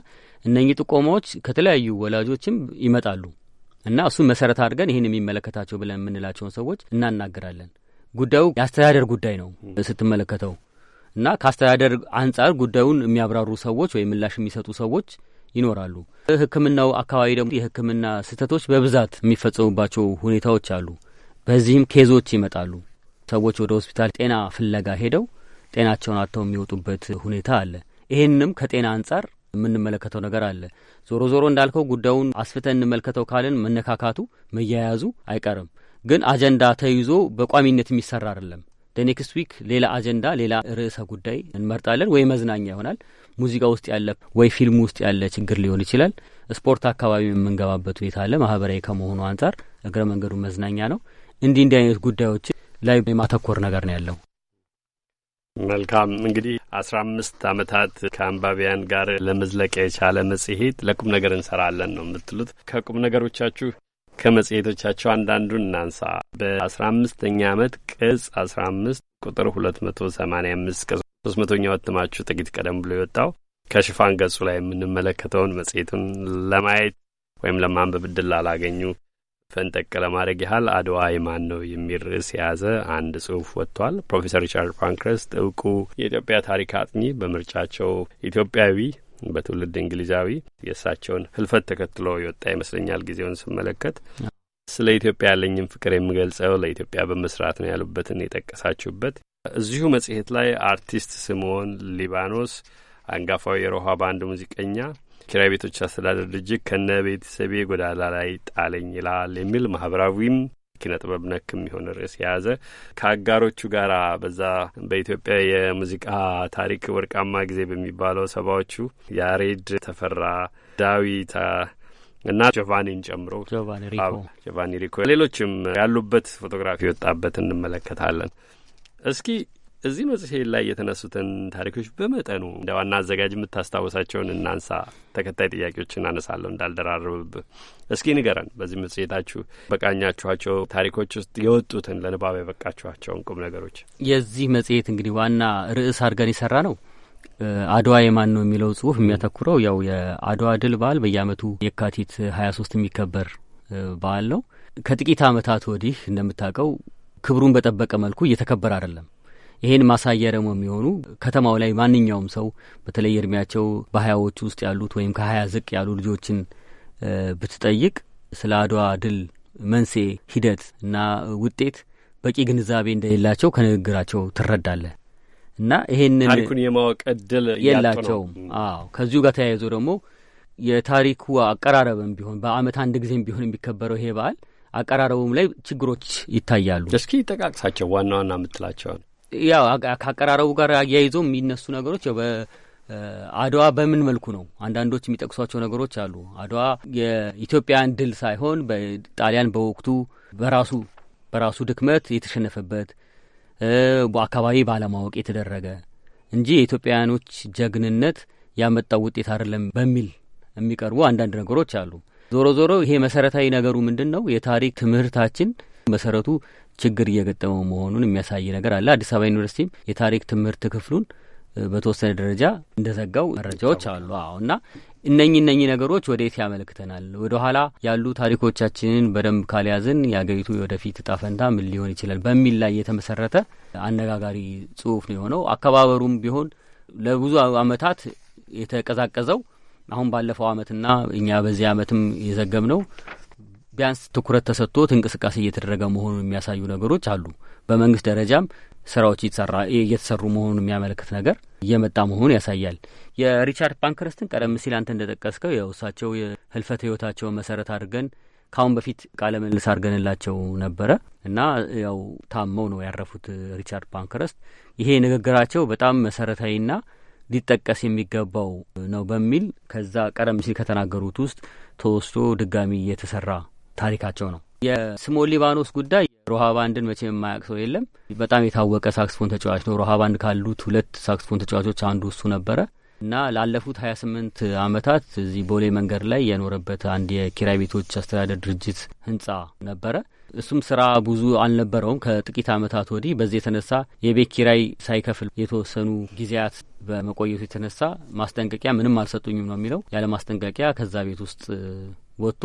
እነኚህ ጥቆማዎች ከተለያዩ ወላጆችም ይመጣሉ እና እሱን መሰረት አድርገን ይህን የሚመለከታቸው ብለን የምንላቸውን ሰዎች እናናገራለን። ጉዳዩ የአስተዳደር ጉዳይ ነው ስትመለከተው እና ከአስተዳደር አንጻር ጉዳዩን የሚያብራሩ ሰዎች ወይም ምላሽ የሚሰጡ ሰዎች ይኖራሉ። ሕክምናው አካባቢ ደግሞ የሕክምና ስህተቶች በብዛት የሚፈጸሙባቸው ሁኔታዎች አሉ። በዚህም ኬዞች ይመጣሉ። ሰዎች ወደ ሆስፒታል ጤና ፍለጋ ሄደው ጤናቸውን አጥተው የሚወጡበት ሁኔታ አለ። ይህንም ከጤና አንጻር የምንመለከተው ነገር አለ። ዞሮ ዞሮ እንዳልከው ጉዳዩን አስፍተን እንመልከተው ካልን መነካካቱ መያያዙ አይቀርም። ግን አጀንዳ ተይዞ በቋሚነት የሚሰራ አይደለም። ኔክስት ዊክ ሌላ አጀንዳ፣ ሌላ ርዕሰ ጉዳይ እንመርጣለን። ወይ መዝናኛ ይሆናል፣ ሙዚቃ ውስጥ ያለ ወይ ፊልም ውስጥ ያለ ችግር ሊሆን ይችላል። ስፖርት አካባቢ የምንገባበት ሁኔታ አለ። ማህበራዊ ከመሆኑ አንጻር እግረ መንገዱ መዝናኛ ነው። እንዲህ እንዲህ አይነት ጉዳዮች ላይ የማተኮር ነገር ነው ያለው። መልካም እንግዲህ አስራ አምስት አመታት ከአንባቢያን ጋር ለመዝለቅ የቻለ መጽሔት ለቁም ነገር እንሰራለን ነው የምትሉት። ከቁም ነገሮቻችሁ ከመጽሔቶቻችሁ አንዳንዱን እናንሳ። በአስራ አምስተኛ አመት ቅጽ አስራ አምስት ቁጥር ሁለት መቶ ሰማኒያ አምስት ከሶስት መቶኛ ወትማችሁ ጥቂት ቀደም ብሎ የወጣው ከሽፋን ገጹ ላይ የምንመለከተውን መጽሔቱን ለማየት ወይም ለማንበብ እድል ላላገኙ ፈንጠቅ ለማድረግ ያህል አድዋ የማን ነው የሚል ርዕስ የያዘ አንድ ጽሁፍ ወጥቷል። ፕሮፌሰር ሪቻርድ ፓንክረስት እውቁ የኢትዮጵያ ታሪክ አጥኚ በምርጫቸው ኢትዮጵያዊ በትውልድ እንግሊዛዊ የእሳቸውን ህልፈት ተከትሎ የወጣ ይመስለኛል። ጊዜውን ስመለከት ስለ ኢትዮጵያ ያለኝም ፍቅር የምገልጸው ለኢትዮጵያ በመስራት ነው ያሉበትን የጠቀሳችሁበት እዚሁ መጽሔት ላይ አርቲስት ስምዖን ሊባኖስ አንጋፋዊ የሮሃ ባንድ ሙዚቀኛ ኪራይ ቤቶች አስተዳደር ድርጅት ከነ ቤተሰቤ ጎዳላ ላይ ጣለኝ ይላል የሚል ማህበራዊም ኪነ ጥበብ ነክ የሚሆን ርዕስ የያዘ ከአጋሮቹ ጋር በዛ በኢትዮጵያ የሙዚቃ ታሪክ ወርቃማ ጊዜ በሚባለው ሰባዎቹ ያሬድ ተፈራ፣ ዳዊት እና ጆቫኒን ጨምሮ ጆቫኒ ሪኮ ሌሎችም ያሉበት ፎቶግራፊ የወጣበት እንመለከታለን። እስኪ እዚህ መጽሔት ላይ የተነሱትን ታሪኮች በመጠኑ እንደ ዋና አዘጋጅ የምታስታውሳቸውን እናንሳ። ተከታይ ጥያቄዎችን አነሳለሁ እንዳልደራርብብህ። እስኪ ንገረን፣ በዚህ መጽሔታችሁ በቃኛችኋቸው ታሪኮች ውስጥ የወጡትን ለንባብ የበቃችኋቸውን ቁም ነገሮች። የዚህ መጽሔት እንግዲህ ዋና ርዕስ አድርገን የሰራ ነው አድዋ የማን ነው የሚለው ጽሁፍ የሚያተኩረው ያው የአድዋ ድል በዓል በየአመቱ የካቲት ሀያ ሶስት የሚከበር በዓል ነው። ከጥቂት አመታት ወዲህ እንደምታውቀው ክብሩን በጠበቀ መልኩ እየተከበረ አይደለም። ይሄን ማሳያ ደግሞ የሚሆኑ ከተማው ላይ ማንኛውም ሰው በተለይ እድሜያቸው በሀያዎቹ ውስጥ ያሉት ወይም ከሀያ ዝቅ ያሉ ልጆችን ብትጠይቅ ስለ አድዋ ድል መንስኤ፣ ሂደት እና ውጤት በቂ ግንዛቤ እንደሌላቸው ከንግግራቸው ትረዳለህ እና ይሄንን ታሪኩን የማወቅ እድል የላቸውም። አዎ ከዚሁ ጋር ተያይዞ ደግሞ የታሪኩ አቀራረብም ቢሆን በአመት አንድ ጊዜም ቢሆን የሚከበረው ይሄ በዓል አቀራረቡም ላይ ችግሮች ይታያሉ። እስኪ ጠቃቅሳቸው ዋና ዋና የምትላቸውን ያው ከአቀራረቡ ጋር አያይዘው የሚነሱ ነገሮች አድዋ በምን መልኩ ነው? አንዳንዶች የሚጠቅሷቸው ነገሮች አሉ። አድዋ የኢትዮጵያን ድል ሳይሆን ጣሊያን በወቅቱ በራሱ በራሱ ድክመት የተሸነፈበት አካባቢ ባለማወቅ የተደረገ እንጂ የኢትዮጵያውያኖች ጀግንነት ያመጣው ውጤት አይደለም በሚል የሚቀርቡ አንዳንድ ነገሮች አሉ። ዞሮ ዞሮ ይሄ መሰረታዊ ነገሩ ምንድን ነው? የታሪክ ትምህርታችን መሰረቱ ችግር እየገጠመው መሆኑን የሚያሳይ ነገር አለ። አዲስ አበባ ዩኒቨርሲቲም የታሪክ ትምህርት ክፍሉን በተወሰነ ደረጃ እንደዘጋው መረጃዎች አሉ። አዎ እና እነኚህ እነኚህ ነገሮች ወዴት ያመልክተናል? ወደ ኋላ ያሉ ታሪኮቻችንን በደንብ ካልያዝን የአገሪቱ የወደፊት እጣ ፈንታ ምን ሊሆን ይችላል? በሚል ላይ የተመሰረተ አነጋጋሪ ጽሁፍ ነው የሆነው። አከባበሩም ቢሆን ለብዙ አመታት የተቀዛቀዘው አሁን ባለፈው አመትና እኛ በዚህ አመትም የዘገብ ነው ቢያንስ ትኩረት ተሰጥቶት እንቅስቃሴ እየተደረገ መሆኑን የሚያሳዩ ነገሮች አሉ። በመንግስት ደረጃም ስራዎች እየተሰሩ መሆኑን የሚያመለክት ነገር እየመጣ መሆኑን ያሳያል። የሪቻርድ ፓንክረስትን ቀደም ሲል አንተ እንደጠቀስከው የውሳቸው እሳቸው የህልፈት ህይወታቸውን መሰረት አድርገን ከአሁን በፊት ቃለ ምልልስ አድርገንላቸው ነበረ እና ያው ታመው ነው ያረፉት ሪቻርድ ፓንክረስት። ይሄ ንግግራቸው በጣም መሰረታዊና ሊጠቀስ የሚገባው ነው በሚል ከዛ ቀደም ሲል ከተናገሩት ውስጥ ተወስቶ ድጋሚ እየተሰራ ታሪካቸው ነው። የስሞ ሊባኖስ ጉዳይ ሮሃ ባንድን መቼም የማያውቅ ሰው የለም። በጣም የታወቀ ሳክስፎን ተጫዋች ነው። ሮሃ ባንድ ካሉት ሁለት ሳክስፎን ተጫዋቾች አንዱ እሱ ነበረ እና ላለፉት ሀያ ስምንት አመታት እዚህ ቦሌ መንገድ ላይ የኖረበት አንድ የኪራይ ቤቶች አስተዳደር ድርጅት ህንጻ ነበረ። እሱም ስራ ብዙ አልነበረውም። ከጥቂት አመታት ወዲህ በዚህ የተነሳ የቤት ኪራይ ሳይከፍል የተወሰኑ ጊዜያት በመቆየቱ የተነሳ ማስጠንቀቂያ ምንም አልሰጡኝም ነው የሚለው። ያለ ማስጠንቀቂያ ከዛ ቤት ውስጥ ወጥቶ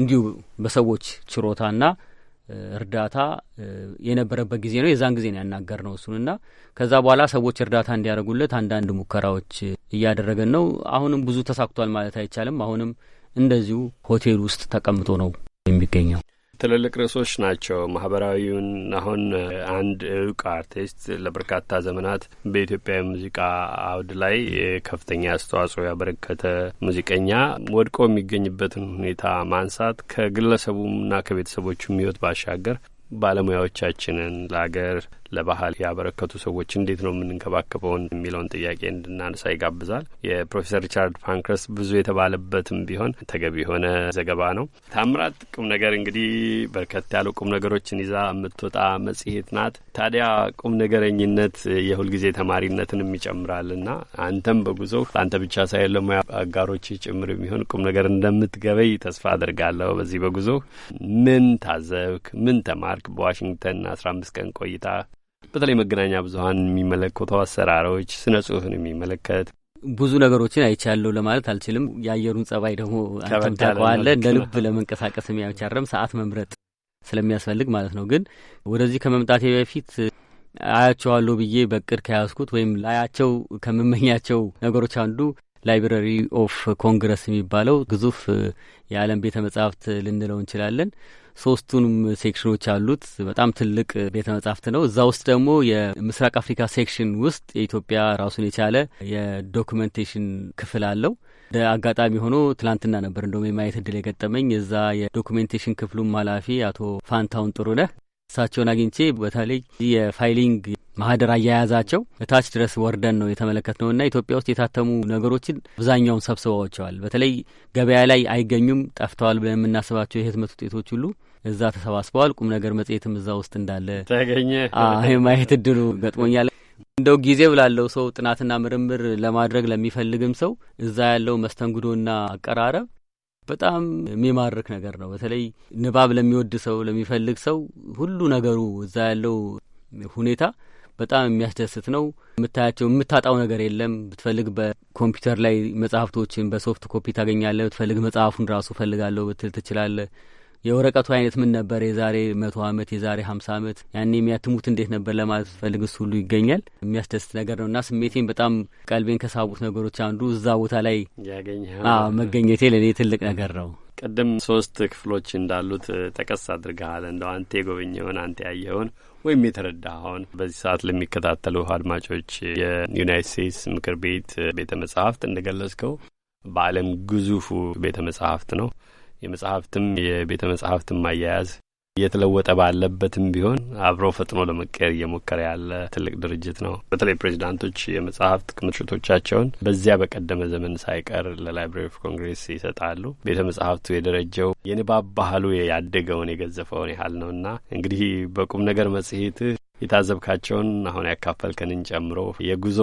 እንዲሁ በሰዎች ችሮታና እርዳታ የነበረበት ጊዜ ነው። የዛን ጊዜ ነው ያናገር ነው እሱንና ከዛ በኋላ ሰዎች እርዳታ እንዲያደርጉለት አንዳንድ ሙከራዎች እያደረገን ነው። አሁንም ብዙ ተሳክቷል ማለት አይቻልም። አሁንም እንደዚሁ ሆቴል ውስጥ ተቀምጦ ነው የሚገኘው። ትልልቅ ርዕሶች ናቸው። ማህበራዊውን አሁን አንድ እውቅ አርቲስት ለበርካታ ዘመናት በኢትዮጵያ ሙዚቃ አውድ ላይ ከፍተኛ አስተዋጽኦ ያበረከተ ሙዚቀኛ ወድቆ የሚገኝበትን ሁኔታ ማንሳት ከግለሰቡም ና ከቤተሰቦቹም ሕይወት ባሻገር ባለሙያዎቻችንን ለአገር ለባህል ያበረከቱ ሰዎች እንዴት ነው የምንንከባከበውን የሚለውን ጥያቄ እንድናነሳ ይጋብዛል። የፕሮፌሰር ሪቻርድ ፓንክረስ ብዙ የተባለበትም ቢሆን ተገቢ የሆነ ዘገባ ነው። ታምራት ቁም ነገር እንግዲህ በርከት ያሉ ቁም ነገሮችን ይዛ የምትወጣ መጽሔት ናት። ታዲያ ቁም ነገረኝነት የሁልጊዜ ተማሪነትንም ና አንተም በጉዞ አንተ ብቻ ሳይሆን ለሙያ አጋሮች ጭምር የሚሆን ቁም ነገር እንደምትገበይ ተስፋ አድርጋለሁ። በዚህ በጉዞ ምን ታዘብክ? ምን ተማርክ? በዋሽንግተን አስራ አምስት ቀን ቆይታ በተለይ መገናኛ ብዙሀን የሚመለከቱ አሰራሮች፣ ስነ ጽሁፍን የሚመለከት ብዙ ነገሮችን አይቻለሁ ለማለት አልችልም። የአየሩን ጸባይ ደግሞ አንተም ታውቀዋለህ። እንደ ልብ ለመንቀሳቀስ የሚያቻረም ሰዓት መምረጥ ስለሚያስፈልግ ማለት ነው። ግን ወደዚህ ከመምጣቴ በፊት አያቸዋለሁ ብዬ በቅድ ከያዝኩት ወይም ላያቸው ከምመኛቸው ነገሮች አንዱ ላይብራሪ ኦፍ ኮንግረስ የሚባለው ግዙፍ የዓለም ቤተ መጻሕፍት ልንለው እንችላለን። ሶስቱንም ሴክሽኖች አሉት። በጣም ትልቅ ቤተ መጻሕፍት ነው። እዛ ውስጥ ደግሞ የምስራቅ አፍሪካ ሴክሽን ውስጥ የኢትዮጵያ ራሱን የቻለ የዶክመንቴሽን ክፍል አለው። እንደ አጋጣሚ ሆኖ ትላንትና ነበር እንደውም የማየት እድል የገጠመኝ የዛ የዶክሜንቴሽን ክፍሉም ኃላፊ አቶ ፋንታውን ነህ እሳቸውን አግኝቼ በተለይ የፋይሊንግ ማህደር አያያዛቸው እታች ድረስ ወርደን ነው እና ኢትዮጵያ ውስጥ የታተሙ ነገሮችን አብዛኛውን ሰብስበዋቸዋል። በተለይ ገበያ ላይ አይገኙም፣ ጠፍተዋል ብለን የምናስባቸው የህትመት ውጤቶች ሁሉ እዛ ተሰባስበዋል። ቁም ነገር መጽሔትም እዛ ውስጥ እንዳለ ተገኘ ማየት እድሉ ገጥሞኛል። እንደው ጊዜ ብላለው ሰው ጥናትና ምርምር ለማድረግ ለሚፈልግም ሰው እዛ ያለው መስተንግዶና አቀራረብ በጣም የሚማርክ ነገር ነው። በተለይ ንባብ ለሚወድ ሰው ለሚፈልግ ሰው ሁሉ ነገሩ እዛ ያለው ሁኔታ በጣም የሚያስደስት ነው። የምታያቸው የምታጣው ነገር የለም። ብትፈልግ በኮምፒውተር ላይ መጽሐፍቶችን በሶፍት ኮፒ ታገኛለህ። ብትፈልግ መጽሐፉን ራሱ ፈልጋለሁ ብትል ትችላለህ። የወረቀቱ አይነት ምን ነበር? የዛሬ መቶ ዓመት የዛሬ ሀምሳ ዓመት ያኔ የሚያትሙት እንዴት ነበር ለማለት ፈልግ እሱ ሁሉ ይገኛል። የሚያስደስት ነገር ነው እና ስሜቴን በጣም ቀልቤን ከሳቡት ነገሮች አንዱ እዛ ቦታ ላይ መገኘቴ ለእኔ ትልቅ ነገር ነው። ቅድም ሶስት ክፍሎች እንዳሉት ጠቀስ አድርገሃል። እንደው አንተ የጎበኘውን አንተ ያየውን ወይም የተረዳ አሁን በዚህ ሰዓት ለሚከታተሉ አድማጮች የዩናይት ስቴትስ ምክር ቤት ቤተ መጽሐፍት እንደገለጽከው በዓለም ግዙፉ ቤተ መጽሐፍት ነው። የመጽሐፍትም የቤተ መጽሐፍትም አያያዝ እየተለወጠ ባለበትም ቢሆን አብሮ ፈጥኖ ለመቀየር እየሞከረ ያለ ትልቅ ድርጅት ነው። በተለይ ፕሬዚዳንቶች የመጽሐፍት ቅምጥቶቻቸውን በዚያ በቀደመ ዘመን ሳይቀር ለላይብራሪ ኦፍ ኮንግሬስ ይሰጣሉ። ቤተ መጽሐፍቱ የደረጀው የንባብ ባህሉ ያደገውን የገዘፈውን ያህል እና እንግዲህ በቁም ነገር መጽሔትህ የታዘብካቸውን አሁን ያካፈልከንን ጨምሮ የጉዞ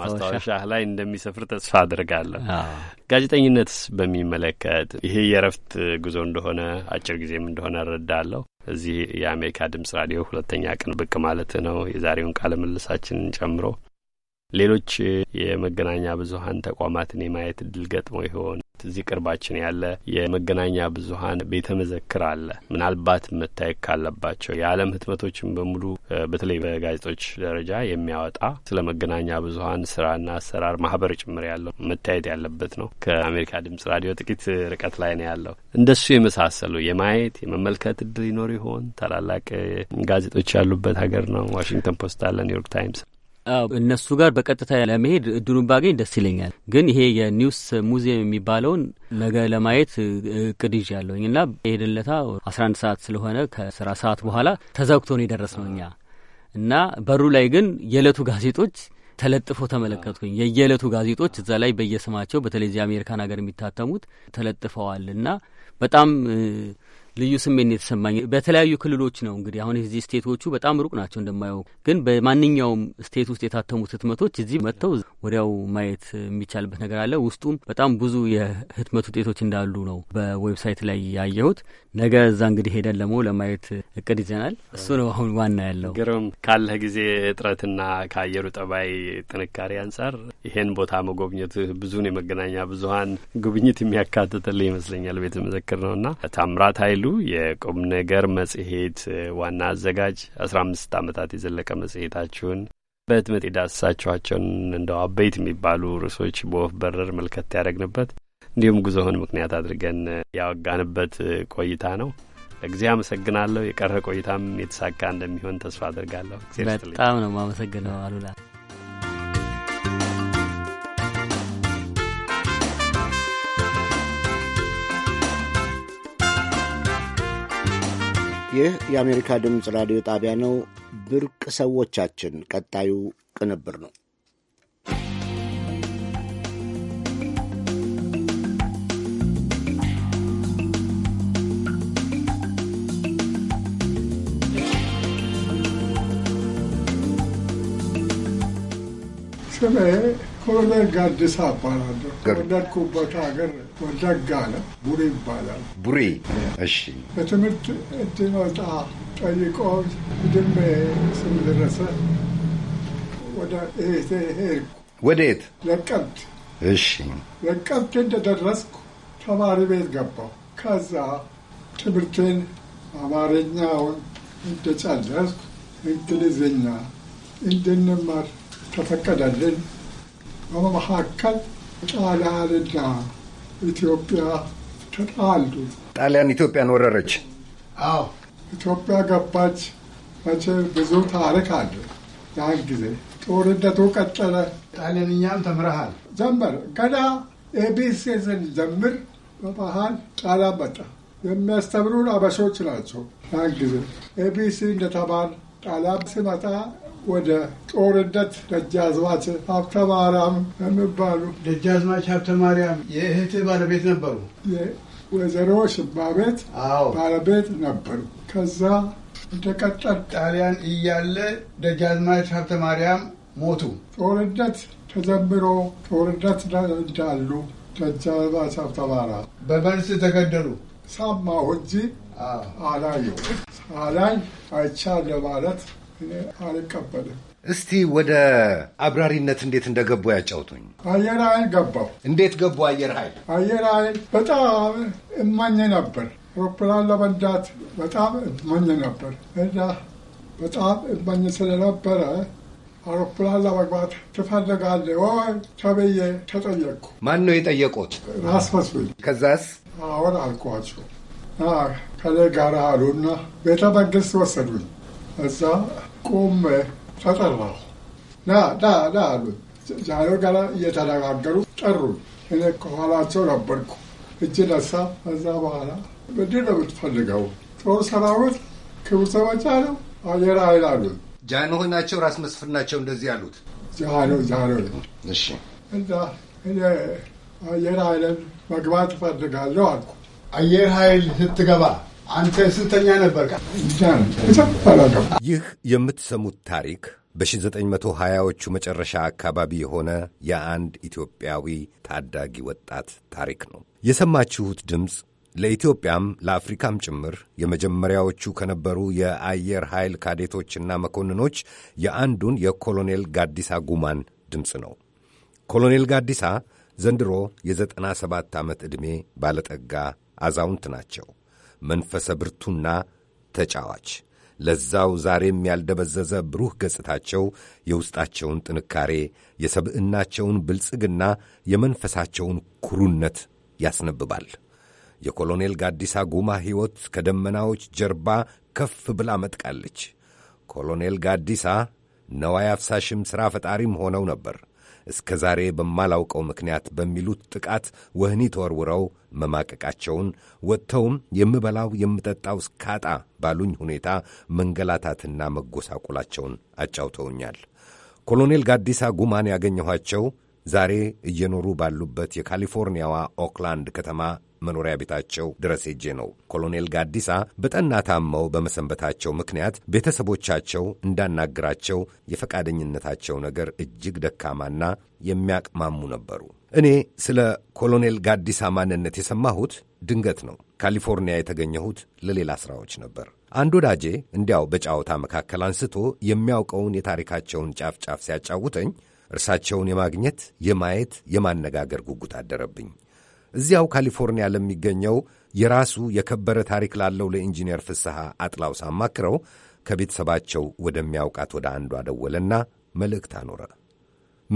ማስታወሻ ላይ እንደሚሰፍር ተስፋ አድርጋለሁ። ጋዜጠኝነትስ በሚመለከት ይሄ የእረፍት ጉዞ እንደሆነ አጭር ጊዜም እንደሆነ እረዳለሁ። እዚህ የአሜሪካ ድምጽ ራዲዮ ሁለተኛ ቀን ብቅ ማለት ነው። የዛሬውን ቃለ ምልልሳችንን ጨምሮ ሌሎች የመገናኛ ብዙኃን ተቋማትን የማየት እድል ገጥሞ ይሆን? እዚህ ቅርባችን ያለ የመገናኛ ብዙሀን ቤተ መዘክር አለ። ምናልባት መታየት ካለባቸው የዓለም ህትመቶችን በሙሉ በተለይ በጋዜጦች ደረጃ የሚያወጣ ስለ መገናኛ ብዙሀን ስራና አሰራር ማህበር ጭምር ያለው መታየት ያለበት ነው። ከአሜሪካ ድምጽ ራዲዮ ጥቂት ርቀት ላይ ነው ያለው። እንደሱ የመሳሰሉ የማየት የመመልከት እድል ይኖር ይሆን? ታላላቅ ጋዜጦች ያሉበት ሀገር ነው። ዋሽንግተን ፖስት አለ፣ ኒውዮርክ ታይምስ እነሱ ጋር በቀጥታ ለመሄድ እድሉን ባገኝ ደስ ይለኛል። ግን ይሄ የኒውስ ሙዚየም የሚባለውን ነገ ለማየት እቅድ ይዤ ያለሁኝ እና የሄድንለታ አስራ አንድ ሰዓት ስለሆነ ከስራ ሰዓት በኋላ ተዘግቶ ነው የደረስነው እኛ እና በሩ ላይ ግን የዕለቱ ጋዜጦች ተለጥፎ ተመለከትኩኝ። የየዕለቱ ጋዜጦች እዛ ላይ በየስማቸው በተለይ እዚህ አሜሪካን ሀገር የሚታተሙት ተለጥፈዋል እና በጣም ልዩ ስሜት የተሰማኝ። በተለያዩ ክልሎች ነው እንግዲህ አሁን እዚህ ስቴቶቹ በጣም ሩቅ ናቸው እንደማየው፣ ግን በማንኛውም ስቴት ውስጥ የታተሙት ህትመቶች እዚህ መጥተው ወዲያው ማየት የሚቻልበት ነገር አለ። ውስጡም በጣም ብዙ የህትመት ውጤቶች እንዳሉ ነው በዌብሳይት ላይ ያየሁት። ነገ እዛ እንግዲህ ሄደን ለሞ ለማየት እቅድ ይዘናል። እሱ ነው አሁን ዋና ያለው። ግሩም ካለህ ጊዜ እጥረትና ከአየሩ ጠባይ ጥንካሬ አንጻር ይሄን ቦታ መጎብኘት ብዙን የመገናኛ ብዙሀን ጉብኝት የሚያካትትልህ ይመስለኛል። ቤተ መዘክር ነውና ታምራት ኃይሉ ኃይሉ የቁም ነገር መጽሔት ዋና አዘጋጅ አስራ አምስት አመታት የዘለቀ መጽሔታችሁን በህትመት የዳሰሳችኋቸውን እንደው አበይት የሚባሉ ርዕሶች በወፍ በረር መልከት ያደረግንበት እንዲሁም ጉዞህን ምክንያት አድርገን ያወጋንበት ቆይታ ነው። ለጊዜ አመሰግናለሁ። የቀረ ቆይታም የተሳካ እንደሚሆን ተስፋ አድርጋለሁ። በጣም ነው የማመሰግነው አሉላ። ይህ የአሜሪካ ድምፅ ራዲዮ ጣቢያ ነው። ብርቅ ሰዎቻችን ቀጣዩ ቅንብር ነው። ስሜ ኮሎኔል ጋዲሳ እባላለሁ። ወለድኩበት ሀገር ወለጋ ነው። ቡሬ ይባላል። ቡሬ። እሺ። በትምህርት እንድመጣ ጠይቆ ምድም ስምደረሰ ወደ ሄድኩ። ወደ የት? ለቀብት። እሺ። ለቀብት እንደደረስኩ ተማሪ ቤት ገባሁ። ከዛ ትምህርቴን አማርኛውን እንደጨረስኩ እንግሊዝኛ እንድንማር ተፈቀደልን። በመካከል ጣሊያንና ኢትዮጵያ ተጣሉ። ጣሊያን ኢትዮጵያን ወረረች። አዎ ኢትዮጵያ ገባች። መቼ ብዙ ታሪክ አለ። ያን ጊዜ ጦርነቱ ቀጠለ። ጣሊያንኛም ተምረሃል? ጀመር ገና ኤቢሲ ስንጀምር በመሃል ጣሊያን መጣ። የሚያስተምሩን አበሾች ናቸው። ያን ጊዜ ኤቢሲ እንደተባል ጣሊያን ሲመጣ ወደ ጦርነት ደጃዝማች ሀብተ ማርያም የሚባሉ ደጃዝማች ሀብተ ማርያም የእህት ባለቤት ነበሩ። ወይዘሮ ቤት ባለቤት ነበሩ። ከዛ እንደቀጠል ጣሊያን እያለ ደጃዝማች ሀብተ ማርያም ሞቱ። ጦርነት ተጀምሮ ጦርነት እንዳሉ ደጃዝማች ሀብተ ማርያም በመልስ ተገደሉ። ሰማሁ እንጂ አላየሁ። አላይ አይቻል ለማለት እኔ አልቀበልም። እስቲ ወደ አብራሪነት እንዴት እንደገቡ ያጫውቱኝ። አየር ኃይል ገባው? እንዴት ገቡ አየር ኃይል? አየር ኃይል በጣም እማኝ ነበር። አውሮፕላን ለመንዳት በጣም እማኝ ነበር እና በጣም እማኝ ስለነበረ አውሮፕላን ለመግባት ትፈልጋለህ ወይ ተብዬ ተጠየቅኩ። ማን ነው የጠየቁት? ራስ መስሎኝ። ከዛስ? አሁን አልኳቸው ከላይ ጋር አሉና ቤተ መንግስት ወሰዱኝ። እዛ ቆሜ ተጠራሁ። ና ና ና አሉኝ። ዛሬ ጋር እየተነጋገሩ ጠሩ እኔ ከኋላቸው ነበርኩ። እጅ ነሳ። እዛ በኋላ ምንድን ነው የምትፈልገው? ጦር ሰራዊት ክቡር ዘበኛ ነው አየር ኃይል አሉኝ። ጃንሆይ ናቸው ራስ መስፍን ናቸው እንደዚህ ያሉት ጃኖ ጃኖ እሺ እና እኔ አየር ኃይልን መግባት እፈልጋለሁ አልኩ። አየር ኃይል ስትገባ አንተ ስንተኛ ነበር? ይህ የምትሰሙት ታሪክ በ1920ዎቹ መጨረሻ አካባቢ የሆነ የአንድ ኢትዮጵያዊ ታዳጊ ወጣት ታሪክ ነው። የሰማችሁት ድምፅ ለኢትዮጵያም ለአፍሪካም ጭምር የመጀመሪያዎቹ ከነበሩ የአየር ኃይል ካዴቶችና መኮንኖች የአንዱን የኮሎኔል ጋዲሳ ጉማን ድምፅ ነው። ኮሎኔል ጋዲሳ ዘንድሮ የዘጠና ሰባት ዓመት ዕድሜ ባለጠጋ አዛውንት ናቸው። መንፈሰ ብርቱና ተጫዋች ለዛው ዛሬም ያልደበዘዘ ብሩህ ገጽታቸው የውስጣቸውን ጥንካሬ፣ የሰብዕናቸውን ብልጽግና፣ የመንፈሳቸውን ኩሩነት ያስነብባል። የኮሎኔል ጋዲሳ ጉማ ሕይወት ከደመናዎች ጀርባ ከፍ ብላ መጥቃለች። ኮሎኔል ጋዲሳ ነዋይ አፍሳሽም ሥራ ፈጣሪም ሆነው ነበር። እስከ ዛሬ በማላውቀው ምክንያት በሚሉት ጥቃት ወህኒ ተወርውረው መማቀቃቸውን ወጥተውም የምበላው የምጠጣው እስካጣ ባሉኝ ሁኔታ መንገላታትና መጎሳቁላቸውን አጫውተውኛል። ኮሎኔል ጋዲሳ ጉማን ያገኘኋቸው ዛሬ እየኖሩ ባሉበት የካሊፎርኒያዋ ኦክላንድ ከተማ መኖሪያ ቤታቸው ድረስ ሄጄ ነው። ኮሎኔል ጋዲሳ በጠና ታመው በመሰንበታቸው ምክንያት ቤተሰቦቻቸው እንዳናግራቸው የፈቃደኝነታቸው ነገር እጅግ ደካማና የሚያቅማሙ ነበሩ። እኔ ስለ ኮሎኔል ጋዲሳ ማንነት የሰማሁት ድንገት ነው። ካሊፎርኒያ የተገኘሁት ለሌላ ሥራዎች ነበር። አንድ ወዳጄ እንዲያው በጨዋታ መካከል አንስቶ የሚያውቀውን የታሪካቸውን ጫፍ ጫፍ ሲያጫውተኝ እርሳቸውን የማግኘት የማየት፣ የማነጋገር ጉጉት አደረብኝ። እዚያው ካሊፎርኒያ ለሚገኘው የራሱ የከበረ ታሪክ ላለው ለኢንጂነር ፍስሐ አጥላው ሳማክረው ከቤተሰባቸው ወደሚያውቃት ወደ አንዷ ደወለና መልእክት አኖረ።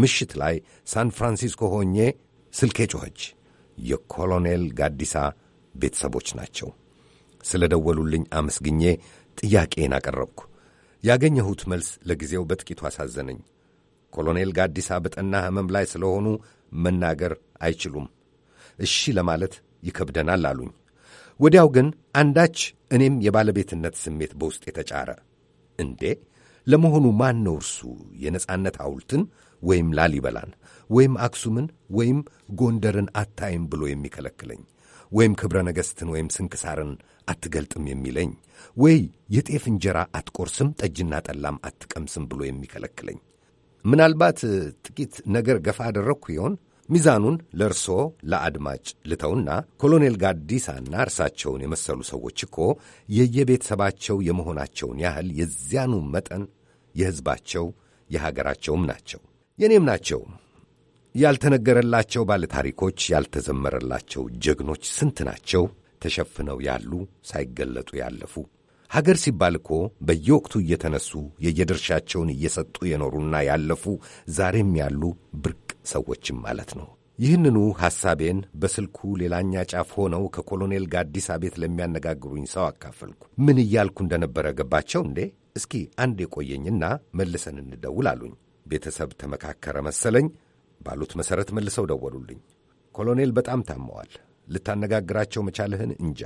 ምሽት ላይ ሳን ፍራንሲስኮ ሆኜ ስልኬ ጮኸች። የኮሎኔል ጋዲሳ ቤተሰቦች ናቸው። ስለ ደወሉልኝ አመስግኜ ጥያቄን አቀረብኩ። ያገኘሁት መልስ ለጊዜው በጥቂቱ አሳዘነኝ። ኮሎኔል ጋዲሳ በጠና ህመም ላይ ስለሆኑ መናገር አይችሉም። እሺ ለማለት ይከብደናል አሉኝ። ወዲያው ግን አንዳች እኔም የባለቤትነት ስሜት በውስጥ የተጫረ እንዴ ለመሆኑ ማን ነው እርሱ የነጻነት ሐውልትን ወይም ላሊበላን ወይም አክሱምን ወይም ጎንደርን አታይም ብሎ የሚከለክለኝ ወይም ክብረ ነገሥትን ወይም ስንክሳርን አትገልጥም የሚለኝ ወይ የጤፍ እንጀራ አትቆርስም ጠጅና ጠላም አትቀምስም ብሎ የሚከለክለኝ ምናልባት ጥቂት ነገር ገፋ አደረግኩ ይሆን? ሚዛኑን ለእርሶ ለአድማጭ ልተውና ኮሎኔል ጋዲሳና እርሳቸውን የመሰሉ ሰዎች እኮ የየቤተሰባቸው የመሆናቸውን ያህል የዚያኑ መጠን የሕዝባቸው የሀገራቸውም ናቸው፣ የእኔም ናቸው። ያልተነገረላቸው ባለታሪኮች፣ ያልተዘመረላቸው ጀግኖች ስንት ናቸው? ተሸፍነው ያሉ፣ ሳይገለጡ ያለፉ ሀገር ሲባል እኮ በየወቅቱ እየተነሱ የየድርሻቸውን እየሰጡ የኖሩና ያለፉ ዛሬም ያሉ ብርቅ ሰዎችም ማለት ነው። ይህንኑ ሐሳቤን በስልኩ ሌላኛ ጫፍ ሆነው ከኮሎኔል አዲስ አቤት ለሚያነጋግሩኝ ሰው አካፈልኩ። ምን እያልኩ እንደነበረ ገባቸው እንዴ? እስኪ አንድ የቆየኝና መልሰን እንደውል አሉኝ። ቤተሰብ ተመካከረ መሰለኝ። ባሉት መሠረት መልሰው ደወሉልኝ። ኮሎኔል በጣም ታመዋል፣ ልታነጋግራቸው መቻልህን እንጃ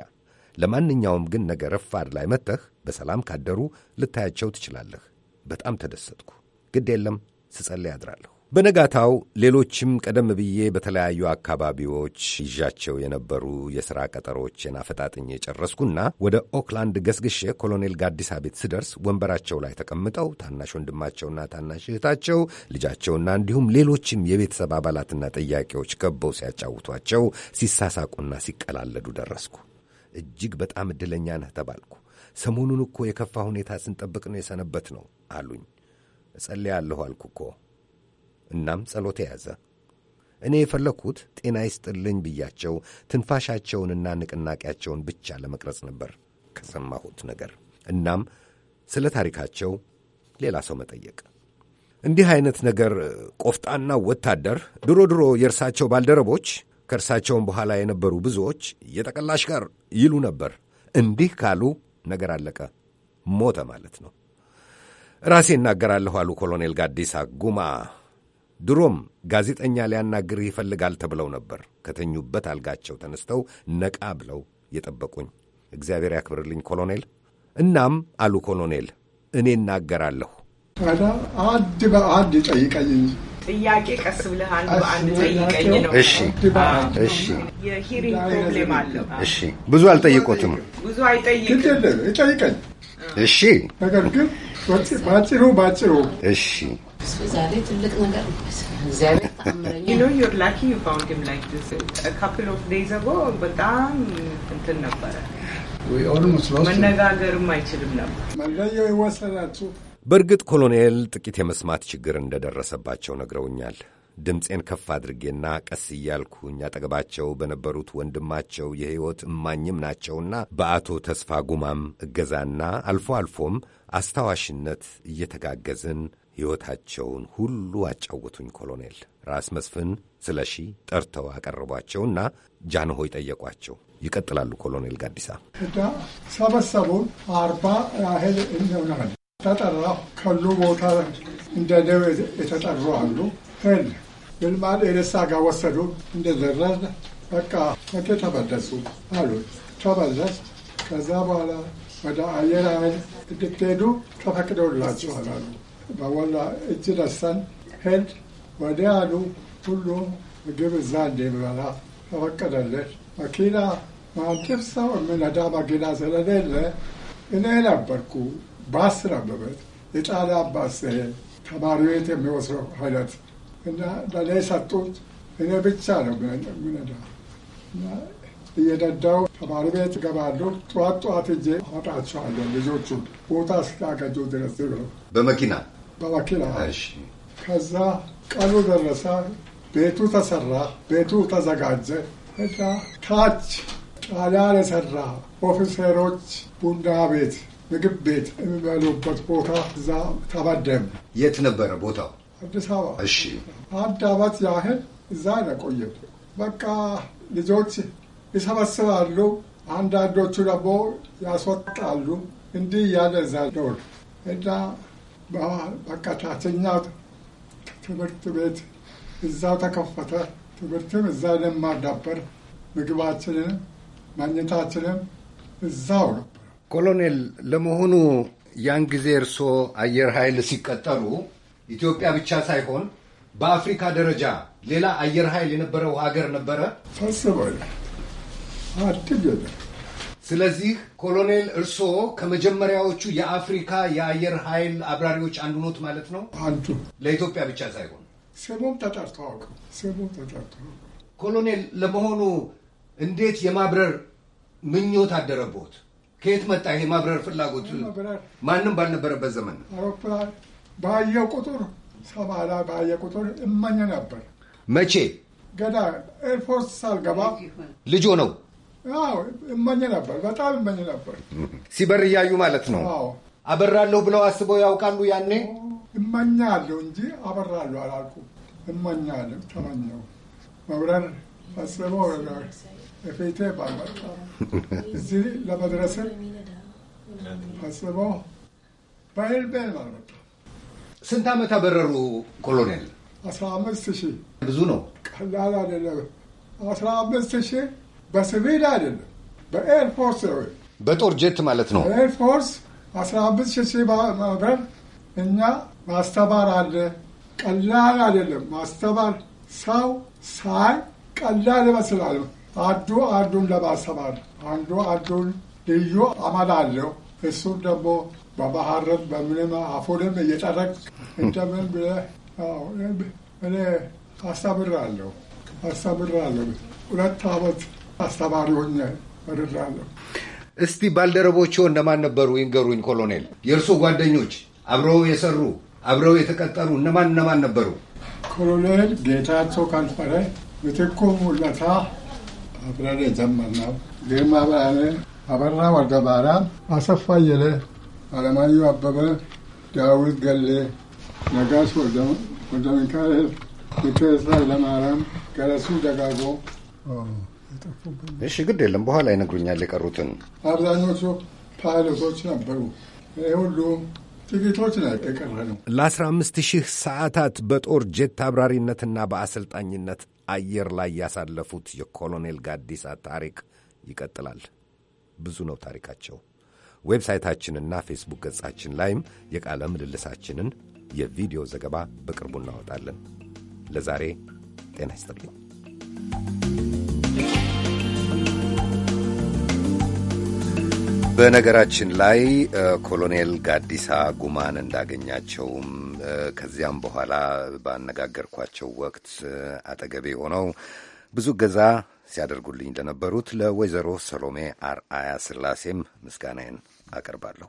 ለማንኛውም ግን ነገ ረፋድ ላይ መጥተህ በሰላም ካደሩ ልታያቸው ትችላለህ። በጣም ተደሰትኩ። ግድ የለም ስጸልይ አድራለሁ። በነጋታው ሌሎችም ቀደም ብዬ በተለያዩ አካባቢዎች ይዣቸው የነበሩ የሥራ ቀጠሮቼን አፈጣጥኝ ጨረስኩና ወደ ኦክላንድ ገስግሼ ኮሎኔል ጋዲሳ ቤት ስደርስ ወንበራቸው ላይ ተቀምጠው ታናሽ ወንድማቸውና ታናሽ እህታቸው ልጃቸውና እንዲሁም ሌሎችም የቤተሰብ አባላትና ጥያቄዎች ከበው ሲያጫውቷቸው ሲሳሳቁና ሲቀላለዱ ደረስኩ። እጅግ በጣም እድለኛ ነህ ተባልኩ። ሰሞኑን እኮ የከፋ ሁኔታ ስንጠብቅ ነው የሰነበት ነው አሉኝ። እጸልያለሁ አልኩ እኮ። እናም ጸሎት የያዘ እኔ የፈለግሁት ጤና ይስጥልኝ ብያቸው ትንፋሻቸውንና ንቅናቄያቸውን ብቻ ለመቅረጽ ነበር ከሰማሁት ነገር። እናም ስለ ታሪካቸው ሌላ ሰው መጠየቅ እንዲህ አይነት ነገር ቆፍጣናው ወታደር ድሮ ድሮ የእርሳቸው ባልደረቦች ከእርሳቸውም በኋላ የነበሩ ብዙዎች የጠቀላሽ ጋር ይሉ ነበር። እንዲህ ካሉ ነገር አለቀ፣ ሞተ ማለት ነው። ራሴ እናገራለሁ አሉ ኮሎኔል ጋዲሳ ጉማ። ድሮም ጋዜጠኛ ሊያናግርህ ይፈልጋል ተብለው ነበር። ከተኙበት አልጋቸው ተነስተው ነቃ ብለው የጠበቁኝ እግዚአብሔር ያክብርልኝ ኮሎኔል። እናም አሉ ኮሎኔል እኔ እናገራለሁ ታዲያ አድ በአድ ይጠይቀኝ ጥያቄ ቀስ ብለህ አንድ በአንድ ጠይቀኝ ነው። እሺ፣ እሺ። የሂሪንግ ፕሮብሌም አለው። እሺ፣ ብዙ አልጠይቆትም። ብዙ አይጠይቅም። ይጠይቀኝ። እሺ፣ ነገር ግን ባጭሩ ባጭሩ። እሺ ዛሬ ትልቅ ነገር በጣም እንትን ነበረ። መነጋገርም አይችልም ነበር። መለየው ይወሰናችሁ በእርግጥ ኮሎኔል ጥቂት የመስማት ችግር እንደደረሰባቸው ነግረውኛል። ድምፄን ከፍ አድርጌና ቀስ እያልኩኝ አጠገባቸው በነበሩት ወንድማቸው የሕይወት እማኝም ናቸውና በአቶ ተስፋ ጉማም እገዛና አልፎ አልፎም አስታዋሽነት እየተጋገዝን ሕይወታቸውን ሁሉ አጫወቱኝ። ኮሎኔል ራስ መስፍን ስለ ሺ ጠርተው አቀረቧቸውና ጃንሆይ ጠየቋቸው። ይቀጥላሉ ኮሎኔል ጋዲሳ ሰበሰቡን አርባ ያህል እንደሆነ ተጠራሁ። ከሉ ቦታ እንደ ደዌ የተጠሩ አሉ። ሄድ ልማድ የደሳ ጋር ወሰዱ። እንደደረስን በቃ መቼ ተመለሱ አሉ። ተመለስ ከዛ በኋላ ወደ አየር ኃይል እንድትሄዱ ተፈቅደውላችኋል አሉ። በወላ እጅ ደሰን ሄድ ወዲያሉ አሉ። ሁሉም ምግብ እዛ እንዲበላ ተፈቀደለች። መኪና ማንም ሰው የምነዳ መኪና ስለሌለ እኔ ነበርኩ በአስር አበበት የጫላ ባስ ይሄ ተማሪዎች የሚወስደው አይነት እና ለእኔ ሰጡት። እኔ ብቻ ነው ምነዳ እየነዳው ተማሪ ቤት ገባሉ። ጠዋት ጠዋት እጄ አወጣቸዋለሁ ልጆቹ ቦታ እስካገኙ ድረስ ብሎ በመኪና በመኪና ከዛ ቀኑ ደረሰ። ቤቱ ተሰራ፣ ቤቱ ተዘጋጀ እና ታች ጣሊያን የሰራ ኦፊሴሮች ቡና ቤት ምግብ ቤት የሚበሉበት ቦታ እዛ ተበደም። የት ነበረ ቦታው? አዲስ አበባ። እሺ፣ አንድ አመት ያህል እዛ ነቆየ። በቃ ልጆች ይሰበስባሉ፣ አንዳንዶቹ ደግሞ ያስወጣሉ። እንዲህ እያለ እዛ ኖር እና በቃ ታችኛ ትምህርት ቤት እዛው ተከፈተ። ትምህርትም እዛ ለማዳበር ምግባችንንም መኝታችንም እዛው ነው። ኮሎኔል ለመሆኑ ያን ጊዜ እርስዎ አየር ኃይል ሲቀጠሩ ኢትዮጵያ ብቻ ሳይሆን በአፍሪካ ደረጃ ሌላ አየር ኃይል የነበረው ሀገር ነበረ? ስለዚህ ኮሎኔል እርስዎ ከመጀመሪያዎቹ የአፍሪካ የአየር ኃይል አብራሪዎች አንዱ ኖት ማለት ነው? አንዱ ለኢትዮጵያ ብቻ ሳይሆን ስሙም ተጠርተዋቅ ስሙም ኮሎኔል ለመሆኑ እንዴት የማብረር ምኞት አደረቦት? ከየት መጣ ይሄ ማብረር ፍላጎት? ማንም ባልነበረበት ዘመን ነው። አውሮፕላን ባየ ቁጥር ሰማላ ባየ ቁጥር እመኝ ነበር። መቼ ገና ኤርፎርስ ሳልገባ ልጆ ነው እመኝ ነበር። በጣም እመኝ ነበር። ሲበር እያዩ ማለት ነው። አበራለሁ ብለው አስበው ያውቃሉ? ያኔ እመኛለሁ እንጂ አበራለሁ አላልኩም። እመኛለሁ ተመኘው መብረር አስበው ወረዳር እፌቴ ባልመጣ እዚህ ለመድረስን አስበው በአየር ቤን ባልመጣ። ስንት ዓመት አበረሩ ኮሎኔል? አስራ አምስት ሺህ ብዙ ነው፣ ቀላል አይደለም። አስራ አምስት ሺህ በሲቪል አይደለም፣ በኤርፎርስ በጦር ጀት ማለት ነው። ኤርፎርስ አስራ አምስት ሺህ ማብረር እኛ ማስተማር አለ፣ ቀላል አይደለም ማስተማር ሰው ሳይ ቀላል ይመስላል። አዱ አዱን ለማሰማር አንዱ አዱን ልዩ አመል አለው። እሱም ደግሞ በባህርም በምንም አፉንም እየጠረቅ እንደምን ብለህ እኔ አስተምራለሁ አስተምራለሁ ሁለት አመት አስተማሪ ሆኜ እርዳለሁ። እስቲ ባልደረቦች እነማን ነበሩ ይንገሩኝ ኮሎኔል። የእርሶ ጓደኞች አብረው የሰሩ አብረው የተቀጠሩ እነማን እነማን ነበሩ? ኮሎኔል ጌታቸው ካልፈረ ምትኩም ለታ አብራሪ ዘመርነው፣ ግርማ በዓለ፣ አበራ ወልደ ማርያም፣ አሰፋ የለ አለማየሁ አበበ፣ ዳዊት ገሌ፣ ነጋሽ ወልደ ሚካኤል፣ ሚቴሳ ኃይለማርያም፣ ገረሱ ደጋጎ እሺ፣ ግድ የለም በኋላ ይነግሩኛል። የቀሩትን አብዛኞቹ ፓይለቶች ነበሩ። ይህ ሁሉ ጥቂቶች ና የቀረ ነው። ለ15 ሺህ ሰዓታት በጦር ጄት አብራሪነትና በአሰልጣኝነት አየር ላይ ያሳለፉት የኮሎኔል ጋዲሳ ታሪክ ይቀጥላል። ብዙ ነው ታሪካቸው። ዌብሳይታችንና ፌስቡክ ገጻችን ላይም የቃለ ምልልሳችንን የቪዲዮ ዘገባ በቅርቡ እናወጣለን። ለዛሬ ጤና ይስጥልኝ። በነገራችን ላይ ኮሎኔል ጋዲሳ ጉማን እንዳገኛቸውም ከዚያም በኋላ ባነጋገርኳቸው ወቅት አጠገቤ ሆነው ብዙ ገዛ ሲያደርጉልኝ ለነበሩት ለወይዘሮ ሰሎሜ አርአያ ስላሴም ምስጋናዬን አቀርባለሁ።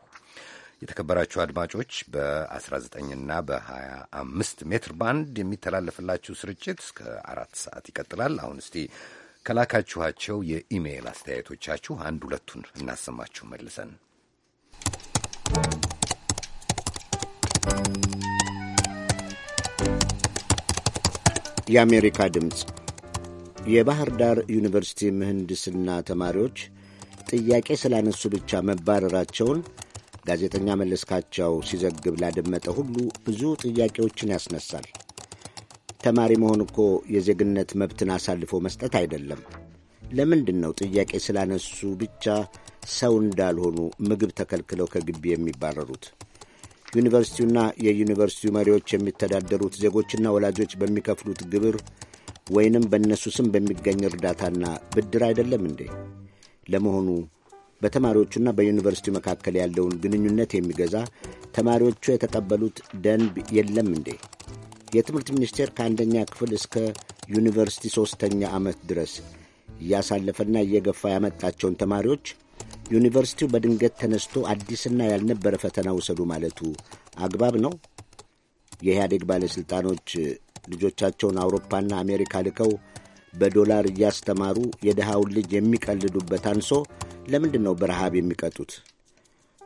የተከበራችሁ አድማጮች በ19ና በ25 ሜትር ባንድ የሚተላለፍላችሁ ስርጭት እስከ አራት ሰዓት ይቀጥላል። አሁን እስቲ ከላካችኋቸው የኢሜይል አስተያየቶቻችሁ አንድ ሁለቱን እናሰማችሁ መልሰን የአሜሪካ ድምፅ የባህር ዳር ዩኒቨርሲቲ ምህንድስና ተማሪዎች ጥያቄ ስላነሱ ብቻ መባረራቸውን ጋዜጠኛ መለስካቸው ሲዘግብ ላደመጠ ሁሉ ብዙ ጥያቄዎችን ያስነሳል። ተማሪ መሆን እኮ የዜግነት መብትን አሳልፎ መስጠት አይደለም። ለምንድን ነው ጥያቄ ስላነሱ ብቻ ሰው እንዳልሆኑ ምግብ ተከልክለው ከግቢ የሚባረሩት? ዩኒቨርሲቲውና የዩኒቨርሲቲው መሪዎች የሚተዳደሩት ዜጎችና ወላጆች በሚከፍሉት ግብር ወይንም በእነሱ ስም በሚገኝ እርዳታና ብድር አይደለም እንዴ? ለመሆኑ በተማሪዎቹና በዩኒቨርሲቲ መካከል ያለውን ግንኙነት የሚገዛ ተማሪዎቹ የተቀበሉት ደንብ የለም እንዴ? የትምህርት ሚኒስቴር ከአንደኛ ክፍል እስከ ዩኒቨርሲቲ ሦስተኛ ዓመት ድረስ እያሳለፈና እየገፋ ያመጣቸውን ተማሪዎች ዩኒቨርሲቲው በድንገት ተነስቶ አዲስና ያልነበረ ፈተና ውሰዱ ማለቱ አግባብ ነው? የኢህአዴግ ባለሥልጣኖች ልጆቻቸውን አውሮፓና አሜሪካ ልከው በዶላር እያስተማሩ የድሃውን ልጅ የሚቀልዱበት አንሶ ለምንድን ነው በረሃብ የሚቀጡት?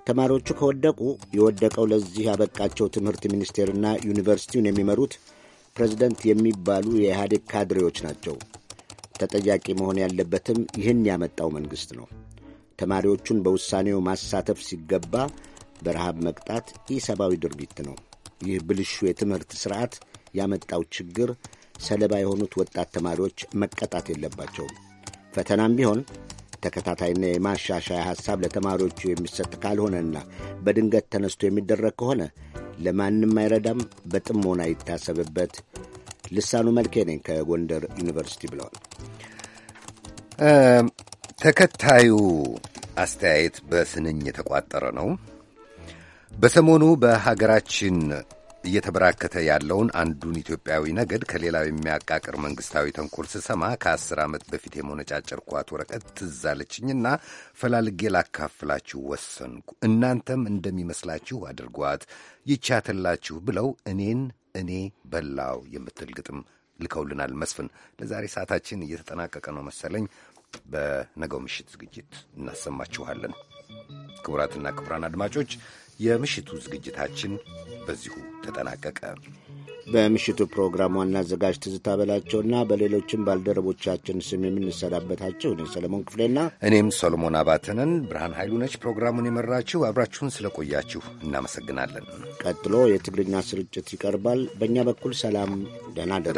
ተማሪዎቹ ከወደቁ የወደቀው ለዚህ ያበቃቸው ትምህርት ሚኒስቴርና ዩኒቨርሲቲውን የሚመሩት ፕሬዝደንት የሚባሉ የኢህአዴግ ካድሬዎች ናቸው። ተጠያቂ መሆን ያለበትም ይህን ያመጣው መንግሥት ነው። ተማሪዎቹን በውሳኔው ማሳተፍ ሲገባ በረሃብ መቅጣት ኢሰብአዊ ድርጊት ነው። ይህ ብልሹ የትምህርት ሥርዓት ያመጣው ችግር ሰለባ የሆኑት ወጣት ተማሪዎች መቀጣት የለባቸውም። ፈተናም ቢሆን ተከታታይና የማሻሻያ ሐሳብ ለተማሪዎቹ የሚሰጥ ካልሆነና በድንገት ተነስቶ የሚደረግ ከሆነ ለማንም አይረዳም። በጥሞና ይታሰብበት። ልሳኑ መልኬ ነኝ ከጎንደር ዩኒቨርሲቲ ብለዋል። ተከታዩ አስተያየት በስንኝ የተቋጠረ ነው። በሰሞኑ በሀገራችን እየተበራከተ ያለውን አንዱን ኢትዮጵያዊ ነገድ ከሌላው የሚያቃቅር መንግስታዊ ተንኮል ስሰማ ከአስር ዓመት በፊት የመነጫጨርኳት ወረቀት ትዛለችኝና ፈላልጌ ላካፍላችሁ ወሰንኩ። እናንተም እንደሚመስላችሁ አድርጓት ይቻትላችሁ ብለው እኔን እኔ በላው የምትል ግጥም ልከውልናል። መስፍን፣ ለዛሬ ሰዓታችን እየተጠናቀቀ ነው መሰለኝ። በነገው ምሽት ዝግጅት እናሰማችኋለን። ክቡራትና ክቡራን አድማጮች የምሽቱ ዝግጅታችን በዚሁ ተጠናቀቀ። በምሽቱ ፕሮግራም ዋና አዘጋጅ ትዝታ በላቸውና በሌሎችም ባልደረቦቻችን ስም የምንሰናበታችሁ እኔ ሰለሞን ክፍሌና እኔም ሰሎሞን አባተንን ብርሃን ኃይሉ ነች። ፕሮግራሙን የመራችሁ አብራችሁን ስለቆያችሁ እናመሰግናለን። ቀጥሎ የትግርኛ ስርጭት ይቀርባል። በእኛ በኩል ሰላም፣ ደህና ደሩ።